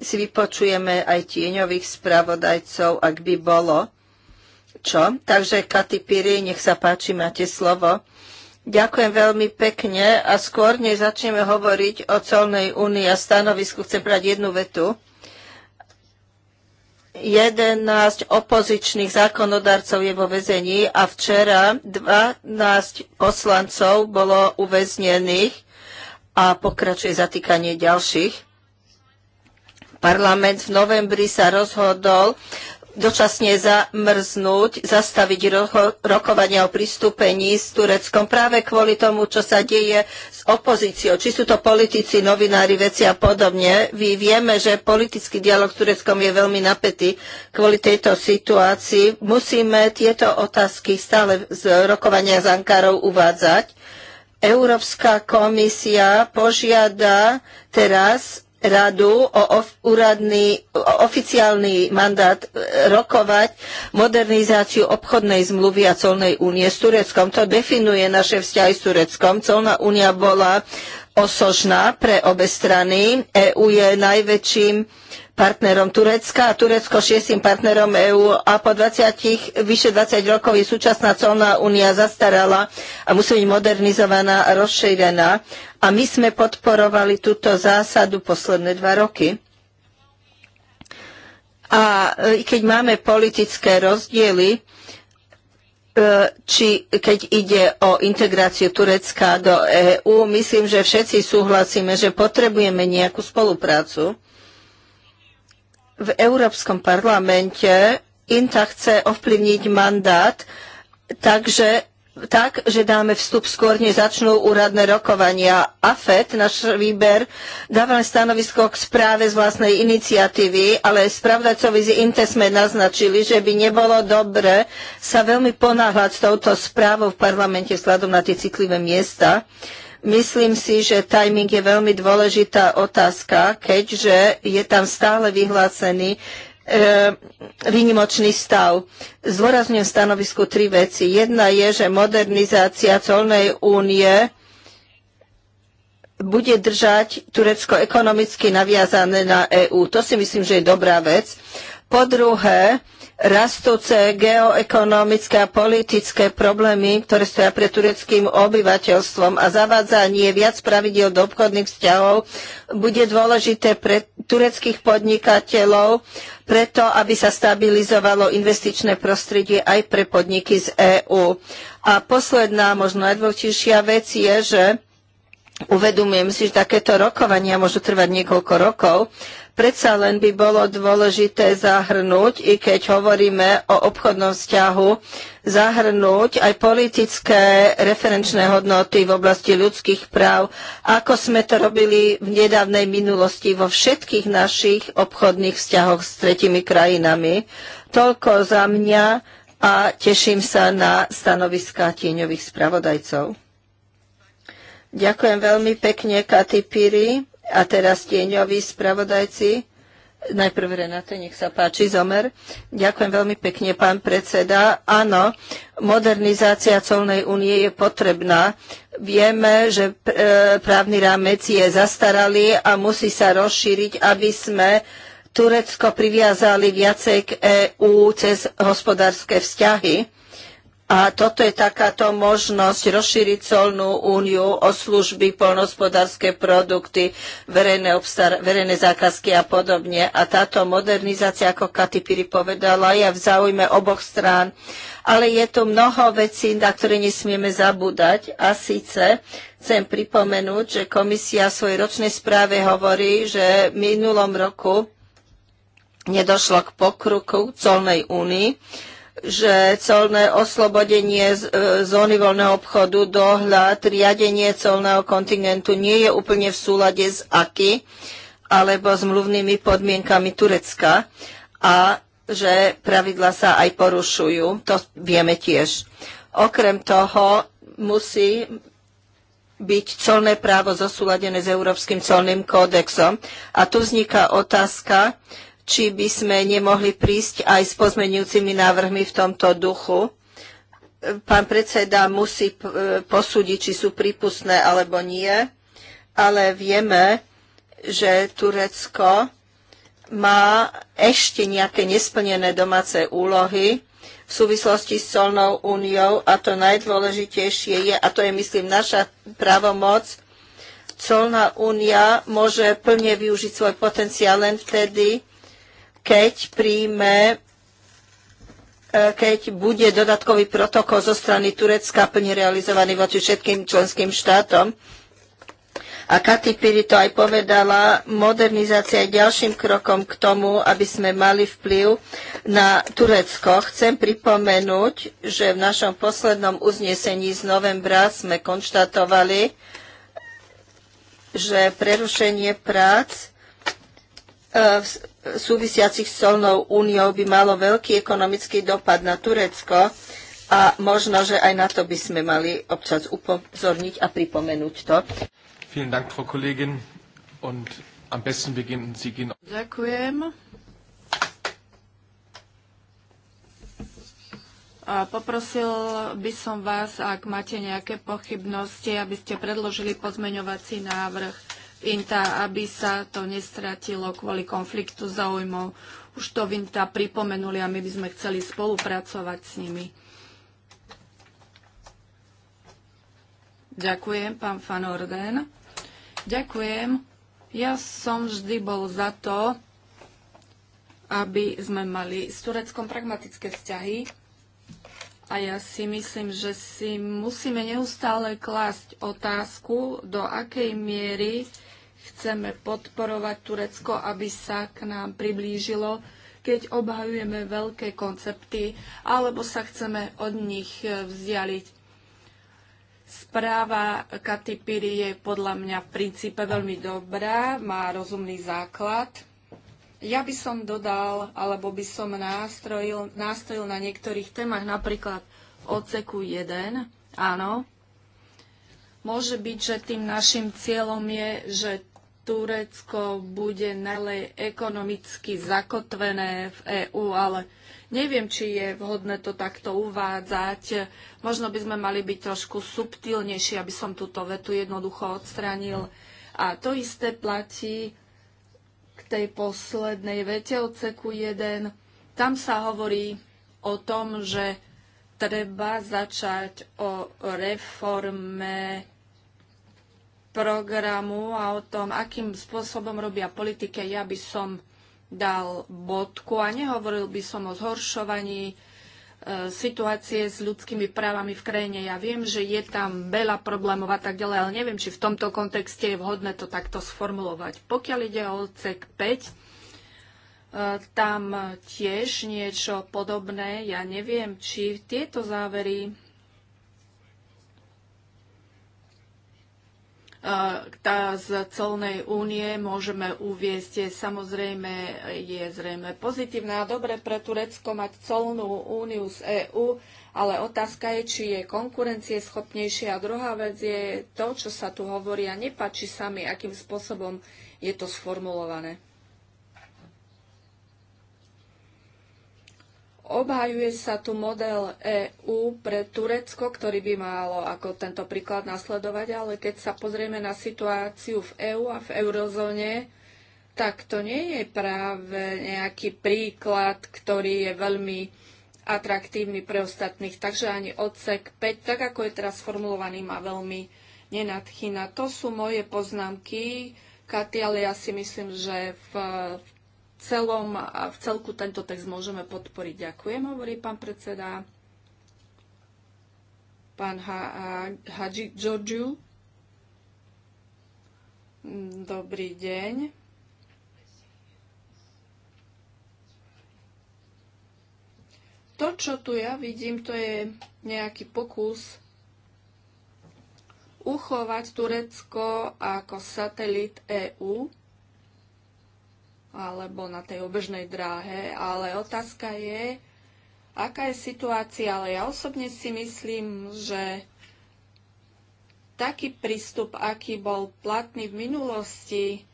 si vypočujeme aj tieňových spravodajcov, ak by bolo čo. Takže, Katy Piri, nech sa páči, máte slovo. Ďakujem veľmi pekne a skôr než začneme hovoriť o celnej únii a stanovisku, chcem brať jednu vetu. 11 opozičných zákonodarcov je vo väzení a včera 12 poslancov bolo uväznených a pokračuje zatýkanie ďalších. Parlament v novembri sa rozhodol dočasne zamrznúť, zastaviť roho, rokovania o pristúpení s Tureckom práve kvôli tomu, čo sa deje s opozíciou. Či sú to politici, novinári, veci a podobne. My vieme, že politický dialog s Tureckom je veľmi napätý kvôli tejto situácii. Musíme tieto otázky stále z rokovania s Ankarou uvádzať. Európska komisia požiada teraz radu o of, úradný, o oficiálny mandát e, rokovať modernizáciu obchodnej zmluvy a colnej únie s Tureckom. To definuje naše vzťahy s Tureckom. Colná únia bola osožná pre obe strany. EU je najväčším partnerom Turecka a Turecko šiestim partnerom EÚ a po 20, vyše 20 rokov je súčasná colná únia zastarala a musí byť modernizovaná a rozšírená. A my sme podporovali túto zásadu posledné dva roky. A e, keď máme politické rozdiely, e, či keď ide o integráciu Turecka do EÚ, myslím, že všetci súhlasíme, že potrebujeme nejakú spoluprácu v Európskom parlamente INTA chce ovplyvniť mandát, takže tak, že dáme vstup skôr, než začnú úradné rokovania. AFET, náš výber, dáva len stanovisko k správe z vlastnej iniciatívy, ale spravdajcovi z INTE sme naznačili, že by nebolo dobre sa veľmi ponáhľať s touto správou v parlamente vzhľadom na tie citlivé miesta. Uh, Myslím si, že timing je veľmi dôležitá otázka, keďže je tam stále vyhlásený e, výnimočný stav. Zvorazňujem stanovisku tri veci. Jedna je, že modernizácia colnej únie bude držať Turecko ekonomicky naviazané na EÚ. To si myslím, že je dobrá vec. Po druhé, rastúce geoekonomické a politické problémy, ktoré stoja pred tureckým obyvateľstvom a zavádzanie viac pravidel do obchodných vzťahov bude dôležité pre tureckých podnikateľov, preto aby sa stabilizovalo investičné prostredie aj pre podniky z EÚ. A posledná, možno najdôležitejšia vec je, že uvedomujem si, že takéto rokovania môžu trvať niekoľko rokov Predsa len by bolo dôležité zahrnúť, i keď hovoríme o obchodnom vzťahu, zahrnúť aj politické referenčné hodnoty v oblasti ľudských práv, ako sme to robili v nedávnej minulosti vo všetkých našich obchodných vzťahoch s tretimi krajinami. Toľko za mňa a teším sa na stanoviská tieňových spravodajcov. Ďakujem veľmi pekne, Katy Piri. A teraz tieňoví spravodajci. Najprv Renate, nech sa páči, Zomer. Ďakujem veľmi pekne, pán predseda. Áno, modernizácia colnej únie je potrebná. Vieme, že e, právny rámec je zastaralý a musí sa rozšíriť, aby sme Turecko priviazali viacej k EÚ cez hospodárske vzťahy a toto je takáto možnosť rozšíriť colnú úniu o služby, polnohospodárske produkty, verejné, obstar- verejné zákazky a podobne. A táto modernizácia, ako Katy Piri povedala, je v záujme oboch strán. Ale je tu mnoho vecí, na ktoré nesmieme zabúdať. A síce chcem pripomenúť, že komisia v svojej ročnej správe hovorí, že v minulom roku nedošlo k pokruku colnej únii že colné oslobodenie e, zóny voľného obchodu, dohľad, riadenie colného kontingentu nie je úplne v súlade s AKI alebo s mluvnými podmienkami Turecka a že pravidla sa aj porušujú. To vieme tiež. Okrem toho musí byť colné právo zosúladené s Európskym colným kódexom. A tu vzniká otázka, či by sme nemohli prísť aj s pozmenujúcimi návrhmi v tomto duchu. Pán predseda musí e, posúdiť, či sú prípustné alebo nie, ale vieme, že Turecko má ešte nejaké nesplnené domáce úlohy v súvislosti s colnou úniou a to najdôležitejšie je, a to je myslím naša právomoc, colná únia môže plne využiť svoj potenciál len vtedy, keď príjme eh, keď bude dodatkový protokol zo strany Turecka plne realizovaný voči všetkým členským štátom. A Katy Piri to aj povedala, modernizácia je ďalším krokom k tomu, aby sme mali vplyv na Turecko. Chcem pripomenúť, že v našom poslednom uznesení z novembra sme konštatovali, že prerušenie prác eh, súvisiacich s colnou úniou by malo veľký ekonomický dopad na Turecko a možno, že aj na to by sme mali občas upozorniť a pripomenúť to. Ďakujem. A poprosil by som vás, ak máte nejaké pochybnosti, aby ste predložili pozmeňovací návrh INTA, aby sa to nestratilo kvôli konfliktu záujmov. Už to v INTA pripomenuli a my by sme chceli spolupracovať s nimi. Ďakujem, pán Van Orden. Ďakujem. Ja som vždy bol za to, aby sme mali s Tureckom pragmatické vzťahy. A ja si myslím, že si musíme neustále klásť otázku, do akej miery chceme podporovať Turecko, aby sa k nám priblížilo, keď obhajujeme veľké koncepty, alebo sa chceme od nich e, vzdialiť. Správa Katy Piri je podľa mňa v princípe veľmi dobrá, má rozumný základ. Ja by som dodal, alebo by som nástrojil, nástrojil na niektorých témach, napríklad ocq 1, áno. Môže byť, že tým našim cieľom je, že Turecko bude najlej ekonomicky zakotvené v EÚ, ale neviem, či je vhodné to takto uvádzať. Možno by sme mali byť trošku subtilnejší, aby som túto vetu jednoducho odstranil. A to isté platí k tej poslednej vete odseku 1. Tam sa hovorí o tom, že treba začať o reforme programu a o tom, akým spôsobom robia politike, ja by som dal bodku a nehovoril by som o zhoršovaní e, situácie s ľudskými právami v krajine. Ja viem, že je tam veľa problémov a tak ďalej, ale neviem, či v tomto kontexte je vhodné to takto sformulovať. Pokiaľ ide o odsek 5, e, tam tiež niečo podobné. Ja neviem, či tieto závery tá z colnej únie môžeme uviesť, samozrejme je zrejme pozitívne a dobre pre Turecko mať colnú úniu z EÚ, ale otázka je, či je konkurencie schopnejšia. A druhá vec je to, čo sa tu hovorí a nepačí sa mi, akým spôsobom je to sformulované. Obhajuje sa tu model EÚ pre Turecko, ktorý by malo ako tento príklad nasledovať, ale keď sa pozrieme na situáciu v EÚ a v eurozóne, tak to nie je práve nejaký príklad, ktorý je veľmi atraktívny pre ostatných. Takže ani odsek 5, tak ako je teraz formulovaný, ma veľmi nenadchýna. To sú moje poznámky. Katy, ale ja si myslím, že v, v celom, v celku tento text môžeme podporiť. Ďakujem, hovorí pán predseda. Pán Hadži Georgiu. Dobrý deň. To, čo tu ja vidím, to je nejaký pokus uchovať Turecko ako satelit EÚ alebo na tej obežnej dráhe, ale otázka je, aká je situácia, ale ja osobne si myslím, že taký prístup, aký bol platný v minulosti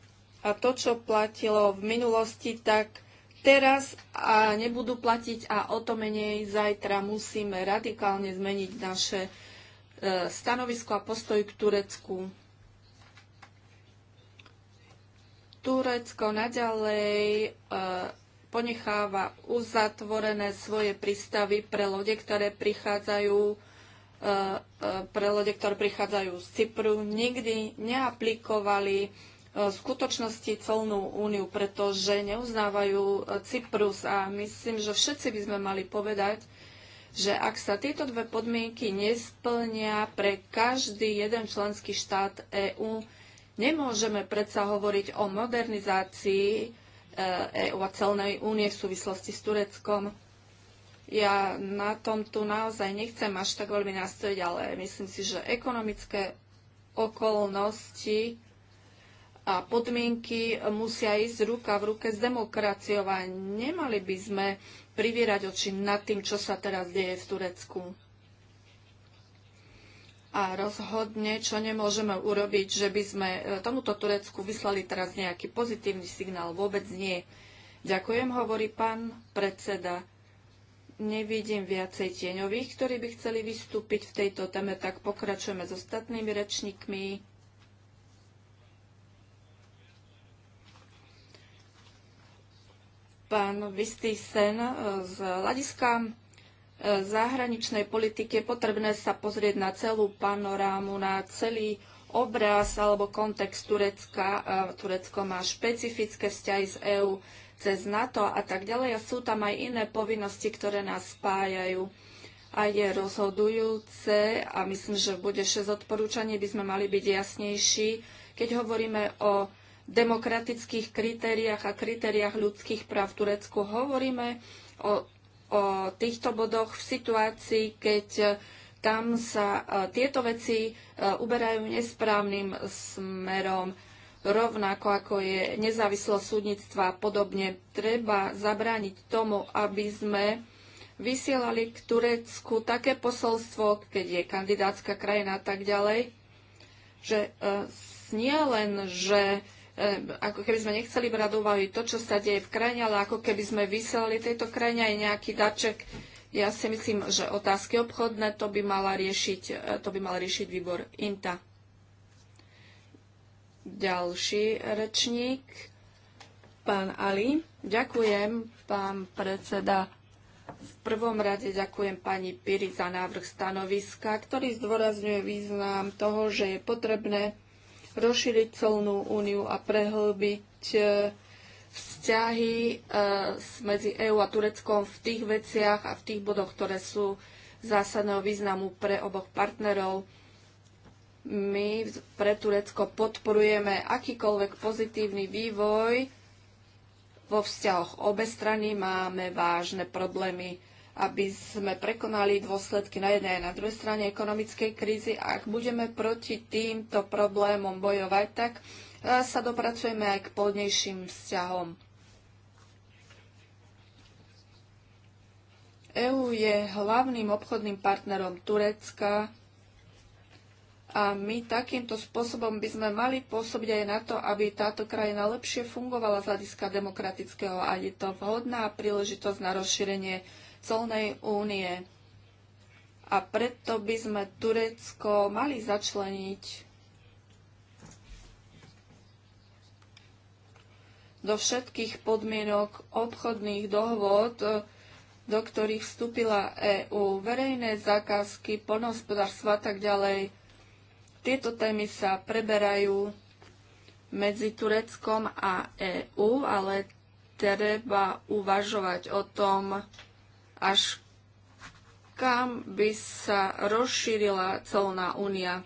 a to, čo platilo v minulosti, tak teraz a nebudú platiť a o to menej zajtra musíme radikálne zmeniť naše e, stanovisko a postoj k Turecku. Turecko naďalej e, ponecháva uzatvorené svoje prístavy pre lode, ktoré prichádzajú e, e, pre lode, ktoré prichádzajú z Cypru, nikdy neaplikovali v skutočnosti celnú úniu, pretože neuznávajú Cyprus a myslím, že všetci by sme mali povedať, že ak sa tieto dve podmienky nesplnia pre každý jeden členský štát EÚ, Nemôžeme predsa hovoriť o modernizácii EU eh, e a celnej únie v súvislosti s Tureckom. Ja na tom tu naozaj nechcem až tak veľmi nastaviť, ale myslím si, že ekonomické okolnosti a podmienky musia ísť ruka v ruke s demokraciou a nemali by sme privierať oči nad tým, čo sa teraz deje v Turecku a rozhodne, čo nemôžeme urobiť, že by sme e, tomuto Turecku vyslali teraz nejaký pozitívny signál. Vôbec nie. Ďakujem, hovorí pán predseda. Nevidím viacej tieňových, ktorí by chceli vystúpiť v tejto téme, tak pokračujeme s ostatnými rečníkmi. Pán sen e, z hľadiska E, zahraničnej politike je potrebné sa pozrieť na celú panorámu, na celý obraz alebo kontext Turecka. E, Turecko má špecifické vzťahy z EÚ cez NATO a tak ďalej a sú tam aj iné povinnosti, ktoré nás spájajú a je rozhodujúce a myslím, že bude 6 odporúčaní by sme mali byť jasnejší, keď hovoríme o demokratických kritériách a kritériách ľudských práv v Turecku. Hovoríme o o týchto bodoch v situácii, keď eh, tam sa eh, tieto veci eh, uberajú nesprávnym smerom, rovnako ako je nezávislosť súdnictva a podobne. Treba zabrániť tomu, aby sme vysielali k Turecku také posolstvo, keď je kandidátska krajina a tak ďalej, že nie len, že E, ako keby sme nechceli brať úvahy to, čo sa deje v krajine, ale ako keby sme vyselali tejto krajine aj nejaký darček. Ja si myslím, že otázky obchodné to by, mala riešiť, e, to by mal riešiť výbor INTA. Ďalší rečník, pán Ali. Ďakujem, pán predseda. V prvom rade ďakujem pani Piri za návrh stanoviska, ktorý zdôrazňuje význam toho, že je potrebné rozšíriť celnú úniu a prehlbiť e, vzťahy e, medzi EÚ a Tureckom v tých veciach a v tých bodoch, ktoré sú zásadného významu pre oboch partnerov. My pre Turecko podporujeme akýkoľvek pozitívny vývoj vo vzťahoch obe strany máme vážne problémy aby sme prekonali dôsledky na jednej a na druhej strane ekonomickej krízy. Ak budeme proti týmto problémom bojovať, tak e, sa dopracujeme aj k plodnejším vzťahom. EÚ je hlavným obchodným partnerom Turecka a my takýmto spôsobom by sme mali pôsobiť aj na to, aby táto krajina lepšie fungovala z hľadiska demokratického a je to vhodná príležitosť na rozšírenie colnej únie. A preto by sme Turecko mali začleniť do všetkých podmienok obchodných dohôd, e, do ktorých vstúpila EÚ, verejné zákazky, poľnohospodárstvo a tak ďalej. Tieto témy sa preberajú medzi Tureckom a EÚ, ale treba uvažovať o tom, až kam by sa rozšírila celná únia.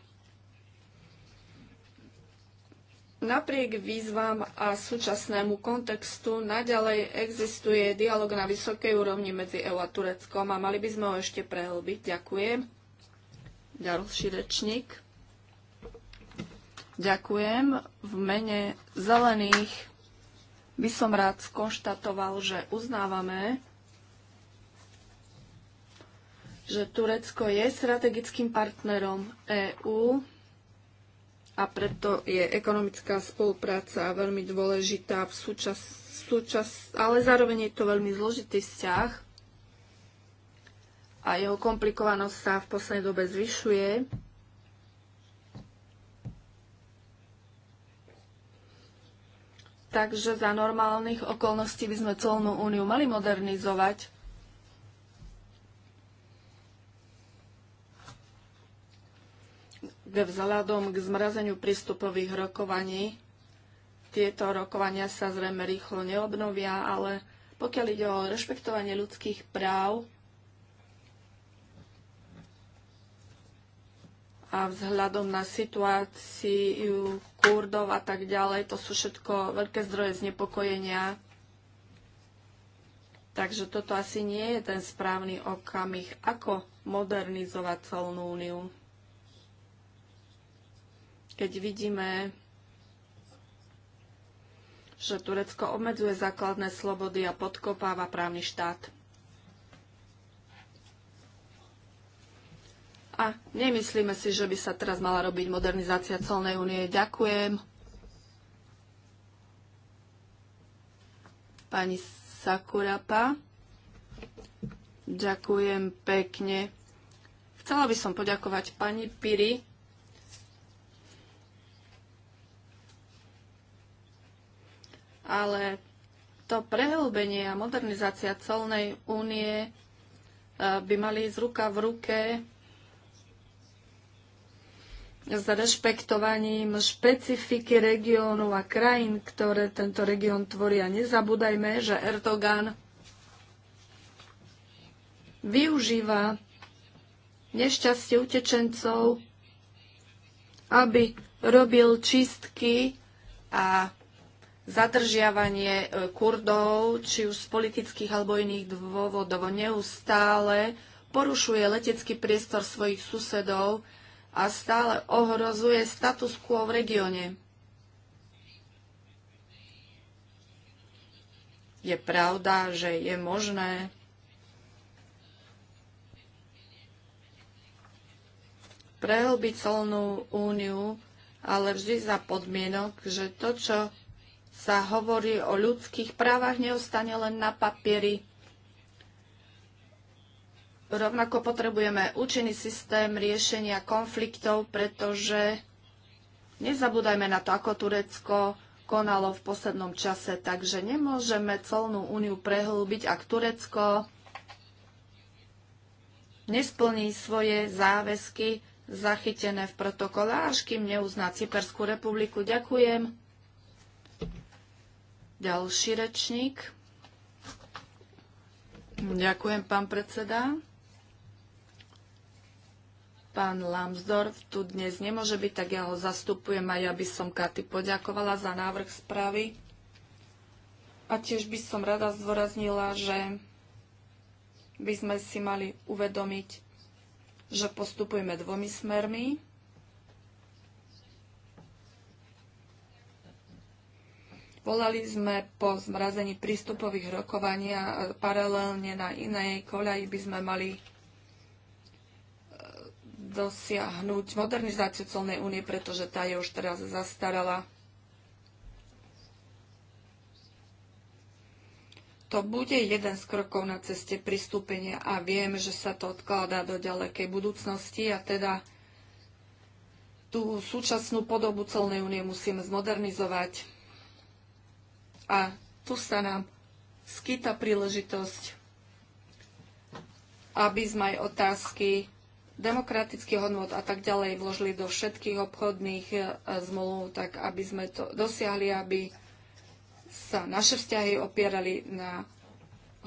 Napriek výzvam a súčasnému kontextu naďalej existuje dialog na vysokej úrovni medzi EU a Tureckom a mali by sme ho ešte prehlbiť. Ďakujem. Ďalší rečník. Ďakujem. V mene zelených by som rád skonštatoval, že uznávame, že Turecko je strategickým partnerom EÚ a preto je ekonomická spolupráca veľmi dôležitá v súčas, súčas, ale zároveň je to veľmi zložitý vzťah a jeho komplikovanosť sa v poslednej dobe zvyšuje. Takže za normálnych okolností by sme celnú úniu mali modernizovať vzhľadom k zmrazeniu prístupových rokovaní. Tieto rokovania sa zrejme rýchlo neobnovia, ale pokiaľ ide o rešpektovanie ľudských práv a vzhľadom na situáciu kurdov a tak ďalej, to sú všetko veľké zdroje znepokojenia. Takže toto asi nie je ten správny okamih, ako modernizovať celnú úniu keď vidíme, že Turecko obmedzuje základné slobody a podkopáva právny štát. A nemyslíme si, že by sa teraz mala robiť modernizácia celnej únie. Ďakujem. Pani Sakurapa. Ďakujem pekne. Chcela by som poďakovať pani Piri ale to prehlbenie a modernizácia colnej únie e, by mali ísť ruka v ruke s rešpektovaním špecifiky regiónu a krajín, ktoré tento región tvoria. Nezabúdajme, že Erdogan využíva nešťastie utečencov, aby robil čistky a zadržiavanie e, Kurdov, či už z politických alebo iných dôvodov, neustále porušuje letecký priestor svojich susedov a stále ohrozuje status quo v regióne. Je pravda, že je možné prehlbiť celnú úniu, ale vždy za podmienok, že to, čo sa hovorí o ľudských právach, neostane len na papieri. Rovnako potrebujeme účinný systém riešenia konfliktov, pretože nezabúdajme na to, ako Turecko konalo v poslednom čase, takže nemôžeme celnú úniu prehlúbiť, ak Turecko nesplní svoje záväzky zachytené v protokole, až kým neuzná Cyperskú republiku. Ďakujem. Ďalší rečník. Ďakujem, pán predseda. Pán Lambsdorff tu dnes nemôže byť, tak ja ho zastupujem a ja by som Katy poďakovala za návrh správy. A tiež by som rada zdôraznila, že by sme si mali uvedomiť, že postupujeme dvomi smermi Volali sme po zmrazení prístupových rokovania paralelne na inej koľaji by sme mali e, dosiahnuť modernizáciu celnej únie, pretože tá je už teraz zastarala. To bude jeden z krokov na ceste pristúpenia a viem, že sa to odkladá do ďalekej budúcnosti a teda tú súčasnú podobu celnej únie musíme zmodernizovať. A tu sa nám skýta príležitosť, aby sme aj otázky demokratických hodnot a tak ďalej vložili do všetkých obchodných e, zmluv, tak aby sme to dosiahli, aby sa naše vzťahy opierali na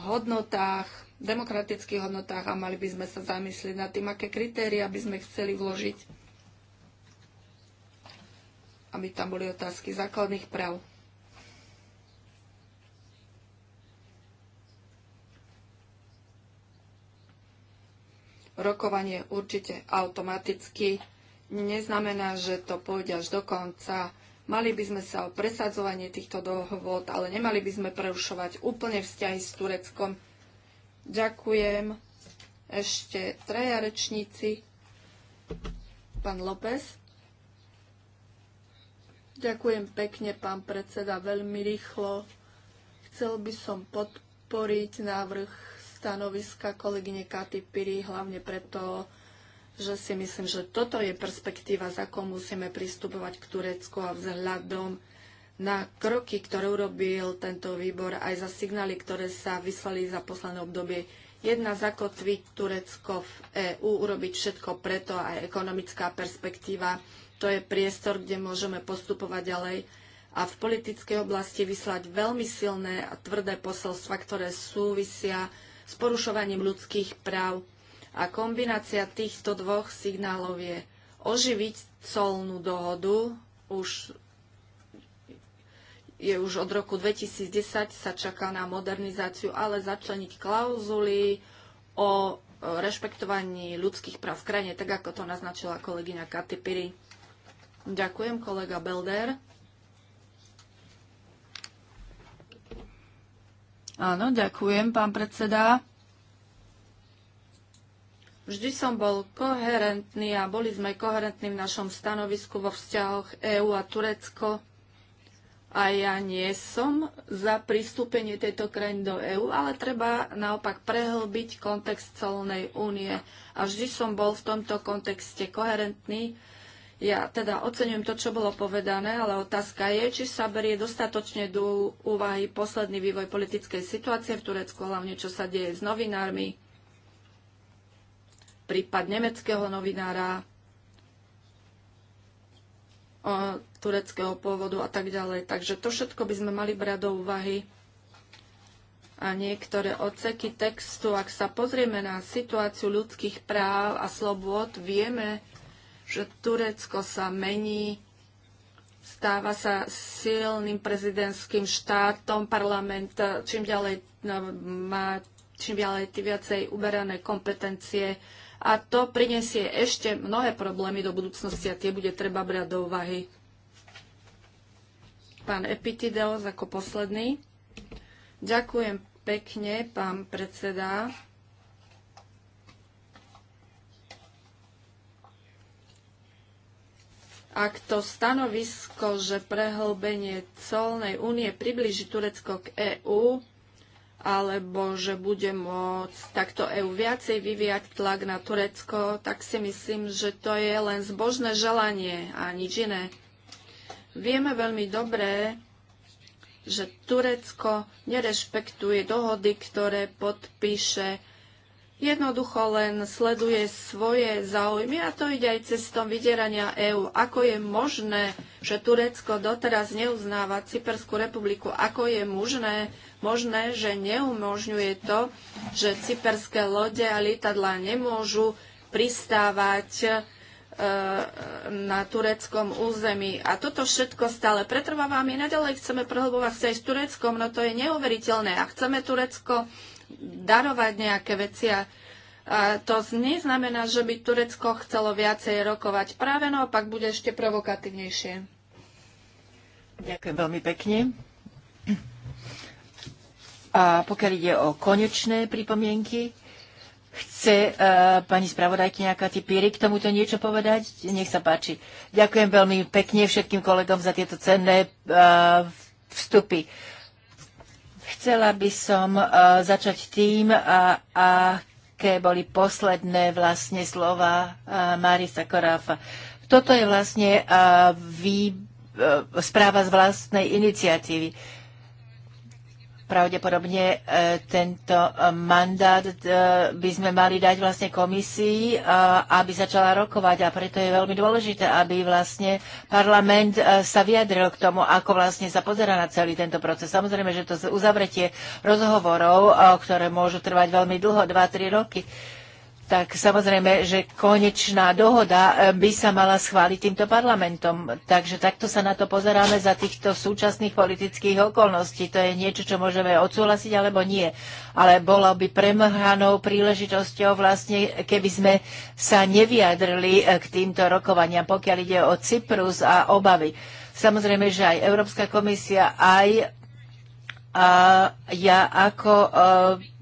hodnotách, demokratických hodnotách a mali by sme sa zamyslieť nad tým, aké kritéria by sme chceli vložiť, aby tam boli otázky základných práv. rokovanie určite automaticky neznamená, že to pôjde až do konca. Mali by sme sa o presadzovanie týchto dohôd, ale nemali by sme prerušovať úplne vzťahy s Tureckom. Ďakujem. Ešte traja rečníci. Pán López. Ďakujem pekne, pán predseda, veľmi rýchlo. Chcel by som podporiť návrh stanoviska kolegyne Katy Piri, hlavne preto, že si myslím, že toto je perspektíva, za akou musíme pristupovať k Turecku a vzhľadom na kroky, ktoré urobil tento výbor, aj za signály, ktoré sa vyslali za posledné obdobie. Jedna zakotviť Turecko v EÚ, urobiť všetko preto, aj ekonomická perspektíva. To je priestor, kde môžeme postupovať ďalej a v politickej oblasti vyslať veľmi silné a tvrdé posolstva, ktoré súvisia s porušovaním ľudských práv. A kombinácia týchto dvoch signálov je oživiť colnú dohodu už je už od roku 2010 sa čaká na modernizáciu, ale začleniť klauzuly o e, rešpektovaní ľudských práv v krajine, tak ako to naznačila kolegyňa Katy Piri. Ďakujem, kolega Belder. Áno, ďakujem, pán predseda. Vždy som bol koherentný a boli sme koherentní v našom stanovisku vo vzťahoch EÚ a Turecko. A ja nie som za pristúpenie tejto krajiny do EÚ, ale treba naopak prehlbiť kontext celnej únie. A vždy som bol v tomto kontexte koherentný ja teda oceňujem to, čo bolo povedané, ale otázka je, či sa berie dostatočne do úvahy posledný vývoj politickej situácie v Turecku, hlavne čo sa deje s novinármi, prípad nemeckého novinára, tureckého pôvodu a tak ďalej. Takže to všetko by sme mali brať do úvahy. A niektoré odseky textu, ak sa pozrieme na situáciu ľudských práv a slobôd, vieme, že Turecko sa mení, stáva sa silným prezidentským štátom, parlament eh, čím ďalej no, má čím ďalej tým viacej uberané kompetencie a to prinesie ešte mnohé problémy do budúcnosti a tie bude treba brať do úvahy. Pán Epitideos ako posledný. Ďakujem pekne, pán predseda. Ak to stanovisko, že prehlbenie colnej únie priblíži Turecko k EÚ, alebo že bude môcť takto EÚ viacej vyvíjať tlak na Turecko, tak si myslím, že to je len zbožné želanie a nič iné. Vieme veľmi dobre, že Turecko nerešpektuje dohody, ktoré podpíše jednoducho len sleduje svoje záujmy a to ide aj cestom vydierania EÚ. Ako je možné, že Turecko doteraz neuznáva Cyperskú republiku? Ako je možné, možné že neumožňuje to, že cyperské lode a lietadlá nemôžu pristávať e, na tureckom území. A toto všetko stále pretrváva. My nadalej chceme prehlbovať sa aj s Tureckom, no to je neuveriteľné. A chceme Turecko darovať nejaké veci a to neznamená, že by Turecko chcelo viacej rokovať. Práve naopak bude ešte provokatívnejšie. Ďakujem veľmi pekne. A pokiaľ ide o konečné pripomienky, chce uh, pani spravodajkyňa Katy Píry k tomuto niečo povedať? Nech sa páči. Ďakujem veľmi pekne všetkým kolegom za tieto cenné uh, vstupy. Chcela by som e, začať tým, a, aké boli posledné vlastne slova e, Marisa Koráfa. Toto je vlastne e, vý, správa z vlastnej iniciatívy pravdepodobne e, tento e, mandát e, by sme mali dať vlastne komisii, aby začala rokovať a preto je veľmi dôležité, aby vlastne parlament sa vyjadril k tomu, ako vlastne sa pozera na celý tento proces. Samozrejme, že to uzavretie rozhovorov, ktoré môžu trvať veľmi dlho, 2-3 roky, tak samozrejme, že konečná dohoda eh, by sa mala schváliť týmto parlamentom. Takže takto sa na to pozeráme za týchto súčasných politických okolností. To je niečo, čo môžeme odsúhlasiť alebo nie. Ale bolo by premrhanou príležitosťou vlastne, keby sme sa nevyjadrili eh, k týmto rokovaniam, pokiaľ ide o Cyprus a obavy. Samozrejme, že aj Európska komisia, aj a ja ako eh,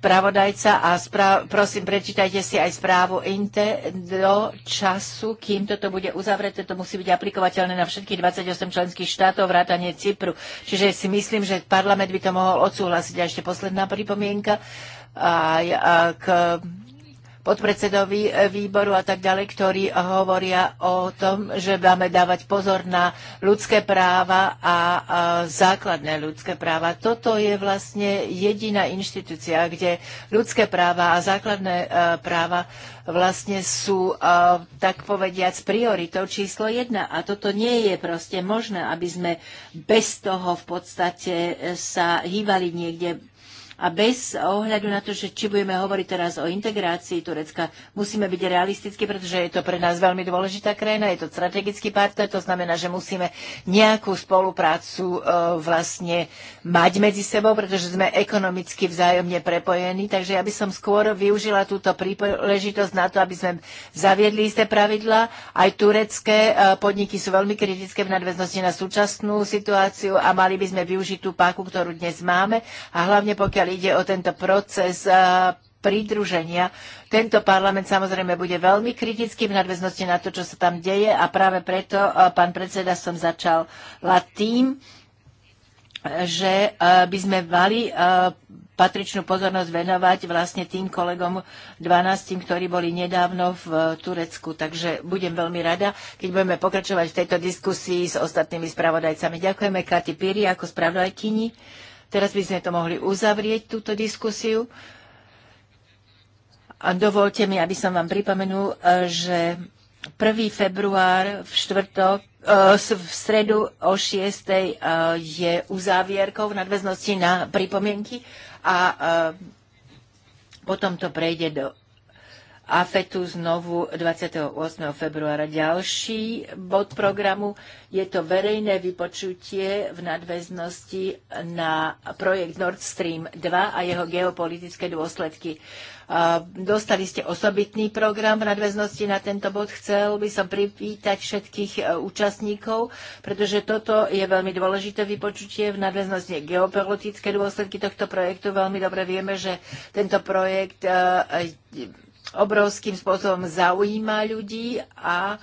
spravodajca a správ, prosím, prečítajte si aj správu INTE do času, kým toto bude uzavreté. To musí byť aplikovateľné na všetkých 28 členských štátov, vrátanie Cypru. Čiže si myslím, že parlament by to mohol odsúhlasiť. A ešte posledná pripomienka a, a k podpredsedovi e, výboru a tak ďalej, ktorí hovoria o tom, že máme dávať pozor na ľudské práva a základné ľudské práva. Toto je vlastne jediná inštitúcia, kde ľudské práva a základné e, práva vlastne sú, e, tak povediac, prioritou číslo jedna. A toto nie je proste možné, aby sme bez toho v podstate sa hýbali niekde a bez ohľadu na to, že či budeme hovoriť teraz o integrácii Turecka, musíme byť realistickí, pretože je to pre nás veľmi dôležitá krajina, je to strategický partner, to znamená, že musíme nejakú spoluprácu e, vlastne mať medzi sebou, pretože sme ekonomicky vzájomne prepojení. Takže ja by som skôr využila túto príležitosť na to, aby sme zaviedli isté pravidlá. Aj turecké e, podniky sú veľmi kritické v nadväznosti na súčasnú situáciu a mali by sme využiť tú páku, ktorú dnes máme a hlavne pokiaľ ide o tento proces e, pridruženia. Tento parlament samozrejme bude veľmi kritický v nadväznosti na to, čo sa tam deje a práve preto, e, pán predseda, som začala tým, že e, by sme mali patričnú pozornosť venovať vlastne tým kolegom 12, ktorí boli nedávno v Turecku. Takže budem veľmi rada, keď budeme pokračovať v tejto diskusii s ostatnými spravodajcami. Ďakujeme Kati Piri ako spravodajkyni. Teraz by sme to mohli uzavrieť, túto diskusiu. A dovolte mi, aby som vám pripomenul, e, že 1. február v štvrtok, e, v stredu o 6. E, je uzávierkou v nadväznosti na pripomienky a potom to prejde do a FETU znovu 28. februára. Ďalší bod programu je to verejné vypočutie v nadväznosti na projekt Nord Stream 2 a jeho geopolitické dôsledky. Dostali ste osobitný program v nadväznosti na tento bod. Chcel by som privítať všetkých e, účastníkov, pretože toto je veľmi dôležité vypočutie v nadväznosti geopolitické dôsledky tohto projektu. Veľmi dobre vieme, že tento projekt e, obrovským spôsobom zaujíma ľudí a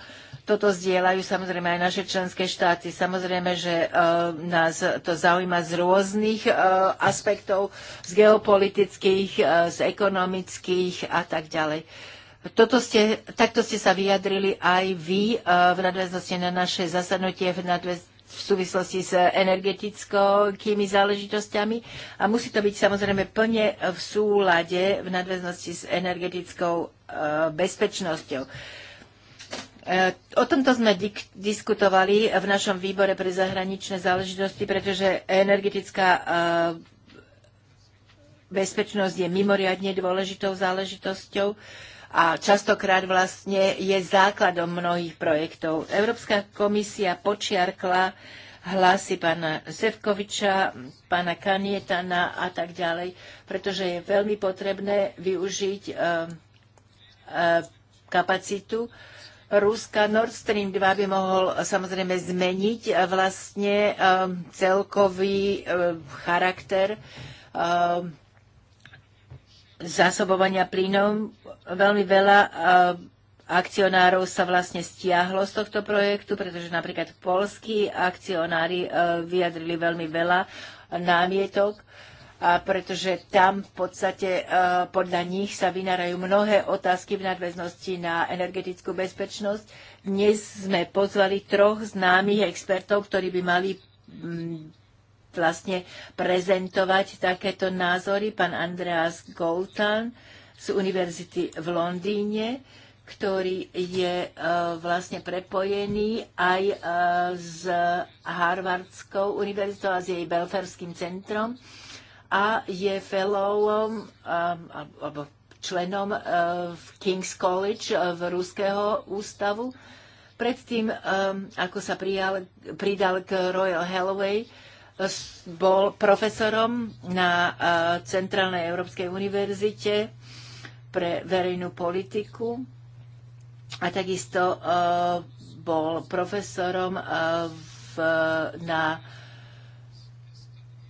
toto zdieľajú samozrejme aj naše členské štáty. Samozrejme, že e, nás to zaujíma z rôznych e, aspektov, z geopolitických, e, z ekonomických a tak ďalej. Toto ste, takto ste sa vyjadrili aj vy v nadväznosti na naše zasadnutie v nadväznosti v súvislosti s energetickými záležitosťami a musí to byť samozrejme plne v súlade v nadväznosti s energetickou e, bezpečnosťou. E, o tomto sme diskutovali v našom výbore pre zahraničné záležitosti, pretože energetická e, bezpečnosť je mimoriadne dôležitou záležitosťou a častokrát vlastne je základom mnohých projektov. Európska komisia počiarkla hlasy pána Sevkoviča, pána Kanietana a tak ďalej, pretože je veľmi potrebné využiť e, e, kapacitu Ruska. Nord Stream 2 by mohol samozrejme zmeniť eh, vlastne e, celkový charakter zásobovania plynom. Veľmi veľa eh, akcionárov sa vlastne stiahlo z tohto projektu, pretože napríklad polskí akcionári eh, vyjadrili veľmi veľa námietok, a pretože tam v podstate eh, podľa nich sa vynárajú mnohé otázky v nadväznosti na energetickú bezpečnosť. Dnes sme pozvali troch známych expertov, ktorí by mali mm, vlastne prezentovať takéto názory. Pán Andreas Goltan z Univerzity v Londýne, ktorý je e, vlastne prepojený aj e, s Harvardskou univerzitou a s jej Belferským centrom a je fellowom alebo členom e, v King's College v Ruského ústavu. Predtým, ako sa prijal, pridal k Royal Holloway, bol profesorom na e, Centrálnej Európskej univerzite pre verejnú politiku a takisto e, bol profesorom e, v, na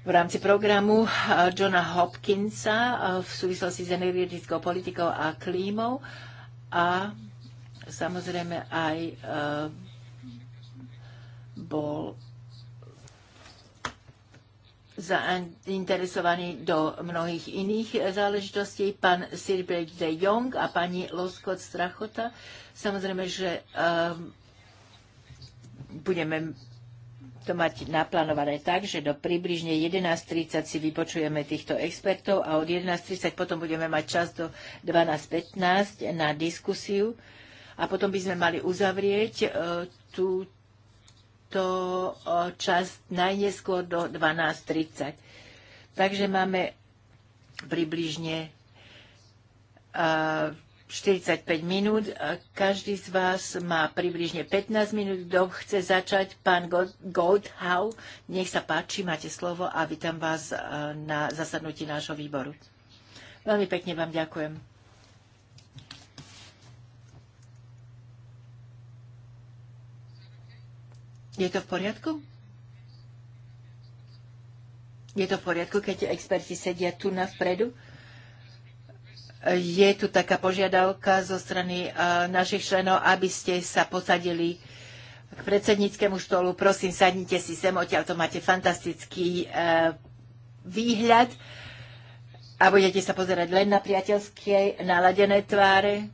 v rámci programu Johna Hopkinsa v súvislosti s energetickou politikou a klímou a samozrejme aj bol zainteresovaní do mnohých iných záležitostí. Pán Sirbrek de Jong a pani Loskot Strachota. Samozrejme, že um, budeme to mať naplánované tak, že do približne 11.30 si vypočujeme týchto expertov a od 11.30 potom budeme mať čas do 12.15 na diskusiu a potom by sme mali uzavrieť uh, tú, to čas najneskôr do 12.30. Takže máme približne 45 minút. Každý z vás má približne 15 minút. Kto chce začať? Pán Goldhau, nech sa páči, máte slovo a vítam vás na zasadnutí nášho výboru. Veľmi pekne vám ďakujem. Je to v poriadku? Je to v poriadku, keď experti sedia tu na vpredu? Je tu taká požiadavka zo strany našich členov, aby ste sa posadili k predsedníckému štolu. Prosím, sadnite si sem, odtiaľ to máte fantastický e, výhľad a budete sa pozerať len na priateľské naladené tváre.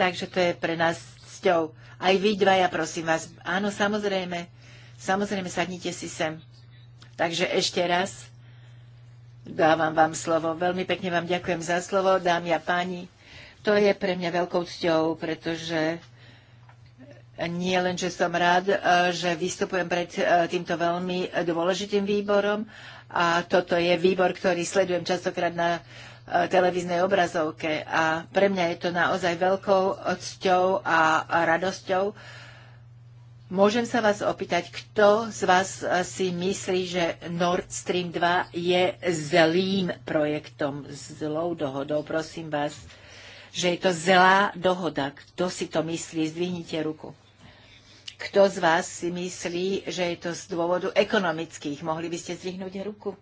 Takže to je pre nás radosťou. Aj vy dvaja, prosím vás. Áno, samozrejme. Samozrejme, sadnite si sem. Takže ešte raz dávam vám slovo. Veľmi pekne vám ďakujem za slovo, dámy a páni. To je pre mňa veľkou cťou, pretože nie len, že som rád, eh, že vystupujem pred eh, týmto veľmi dôležitým výborom, a toto je výbor, ktorý sledujem častokrát na Eh, televíznej obrazovke. A pre mňa je to naozaj veľkou cťou a radosťou. Môžem sa vás opýtať, kto z vás eh, si myslí, že Nord Stream 2 je zlým projektom, zlou dohodou? Prosím vás, že je to zlá dohoda. Kto si to myslí? Zdvihnite ruku. Kto z vás si myslí, že je to z dôvodu ekonomických? Mohli by ste zdvihnúť ruku?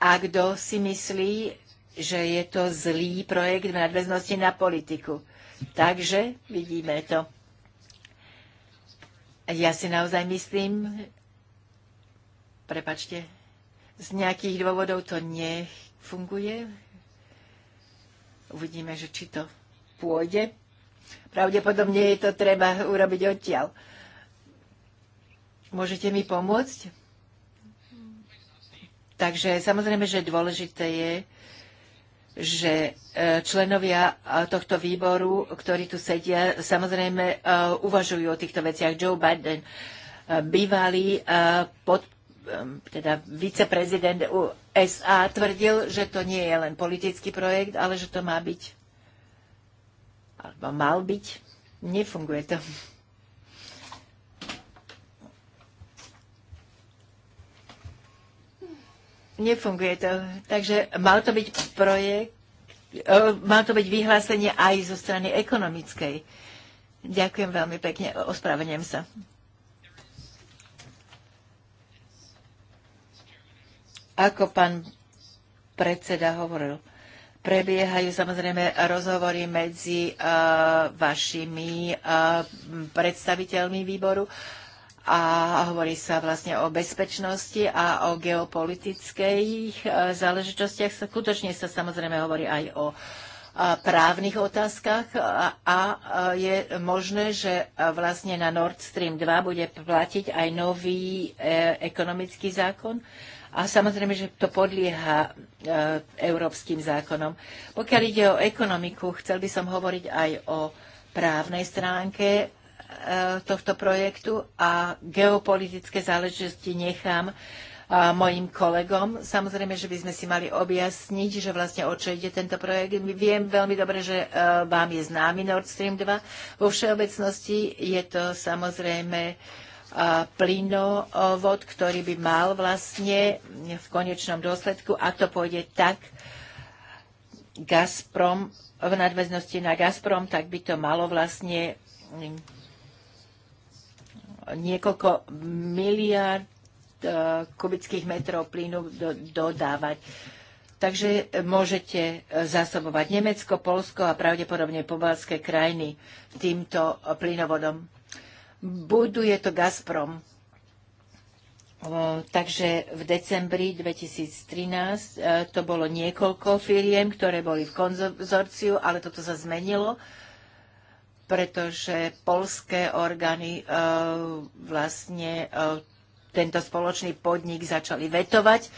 a kto si myslí, že je to zlý projekt v nadväznosti na politiku. Takže vidíme to. Ja si naozaj myslím, prepačte, z nejakých dôvodov to nefunguje. Uvidíme, že či to pôjde. Pravdepodobne je to treba urobiť odtiaľ. Môžete mi pomôcť? Takže samozrejme, že dôležité je, že e, členovia e, tohto výboru, ktorí tu sedia, samozrejme e, uvažujú o týchto veciach. Joe Biden, bývalý pod, teda viceprezident USA, tvrdil, že to nie je len politický projekt, ale že to má byť, alebo mal byť. Nefunguje to. Nefunguje to. Takže mal to byť projekt, e, mal to byť vyhlásenie aj zo strany ekonomickej. Ďakujem veľmi pekne, ospravedlňujem sa. Ako pán predseda hovoril, prebiehajú samozrejme rozhovory medzi uh, vašimi uh, predstaviteľmi výboru. Uh, a hovorí sa vlastne o bezpečnosti a o geopolitických e, záležitostiach. Skutočne sa samozrejme hovorí aj o e, právnych otázkach a e, je možné, že vlastne na Nord Stream 2 bude platiť aj nový ekonomický zákon. A samozrejme, že to podlieha e, európskym zákonom. Pokiaľ ide o ekonomiku, chcel by som hovoriť aj o právnej stránke tohto projektu a geopolitické záležitosti nechám mojim kolegom. Samozrejme, že by sme si mali objasniť, že vlastne o čo ide tento projekt. Viem veľmi dobre, že e, vám je známy Nord Stream 2. Vo všeobecnosti je to samozrejme e, plynovod, ktorý by mal vlastne v konečnom dôsledku, ak to pôjde tak, Gazprom, v nadväznosti na Gazprom, tak by to malo vlastne niekoľko miliárd e, kubických metrov plynu do, dodávať. Takže môžete e, zásobovať Nemecko, Polsko a pravdepodobne pobalské krajiny týmto plynovodom. Buduje to Gazprom. E, takže v decembri 2013 to bolo niekoľko firiem, ktoré boli v konzorciu, ale toto sa zmenilo pretože polské orgány e, vlastne e, tento spoločný podnik začali vetovať.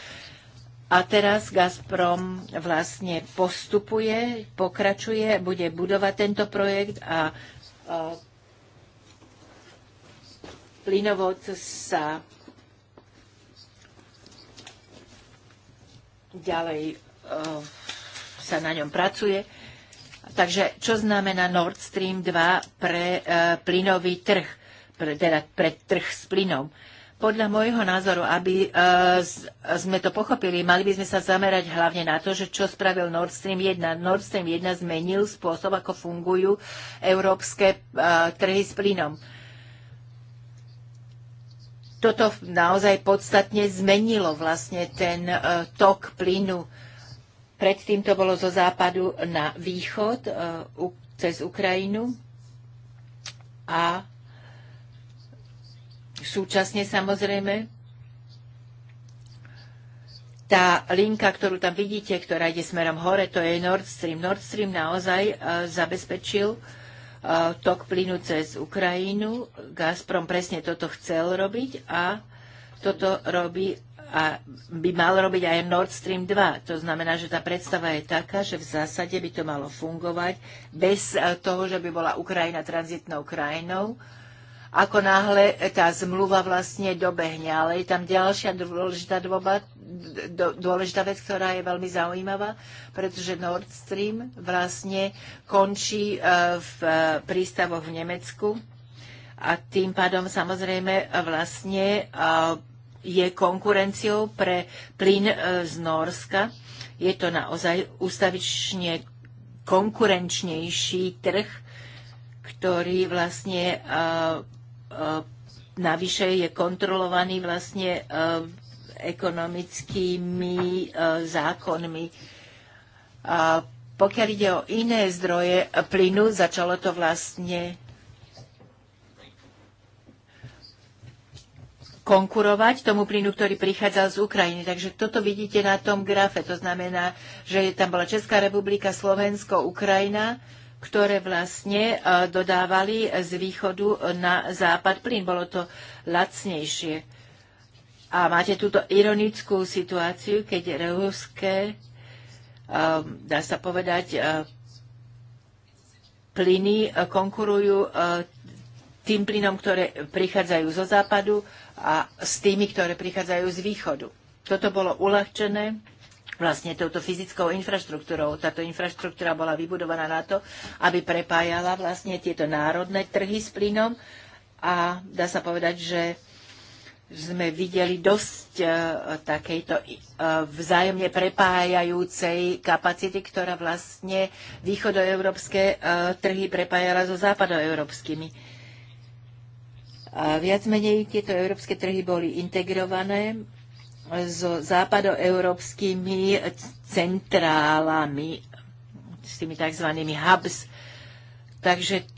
A teraz Gazprom vlastne postupuje, pokračuje, bude budovať tento projekt a e, plynovod sa ďalej sa na ňom pracuje. Takže čo znamená Nord Stream 2 pre e, plynový trh, pre, teda pre trh s plynom? Podľa môjho názoru, aby e, sme to pochopili, mali by sme sa zamerať hlavne na to, že čo spravil Nord Stream 1. Nord Stream 1 zmenil spôsob, ako fungujú európske e, trhy s plynom. Toto naozaj podstatne zmenilo vlastne ten e, tok plynu Predtým to bolo zo západu na východ e, cez Ukrajinu a súčasne samozrejme tá linka, ktorú tam vidíte, ktorá ide smerom hore, to je Nord Stream. Nord Stream naozaj e, zabezpečil e, tok plynu cez Ukrajinu. Gazprom presne toto chcel robiť a toto robí a by mal robiť aj Nord Stream 2. To znamená, že tá predstava je taká, že v zásade by to malo fungovať bez e, toho, že by bola Ukrajina tranzitnou krajinou. Ako náhle tá zmluva vlastne dobehne, ale je tam ďalšia dôležitá, dôba, dôležitá vec, ktorá je veľmi zaujímavá, pretože Nord Stream vlastne končí e, v e, prístavoch v Nemecku a tým pádom samozrejme vlastne je konkurenciou pre plyn e, z Norska. Je to naozaj ústavične konkurenčnejší trh, ktorý vlastne e, e, navyše je kontrolovaný vlastne ekonomickými zákonmi. pokiaľ ide o iné zdroje plynu, začalo to vlastne konkurovať tomu plynu, ktorý prichádzal z Ukrajiny. Takže toto vidíte na tom grafe. To znamená, že tam bola Česká republika, Slovensko, Ukrajina, ktoré vlastne e, dodávali z východu na západ plyn. Bolo to lacnejšie. A máte túto ironickú situáciu, keď ruské, e, dá sa povedať, e, plyny konkurujú tým plynom, ktoré prichádzajú zo západu a s tými, ktoré prichádzajú z východu. Toto bolo uľahčené vlastne touto fyzickou infraštruktúrou. Táto infraštruktúra bola vybudovaná na to, aby prepájala vlastne tieto národné trhy s plynom a dá sa povedať, že sme videli dosť uh, takejto uh, vzájomne prepájajúcej kapacity, ktorá vlastne východoeurópske uh, trhy prepájala so západoeurópskymi. A viac menej tieto európske trhy boli integrované so západoeurópskymi centrálami, s tými tzv. hubs. Takže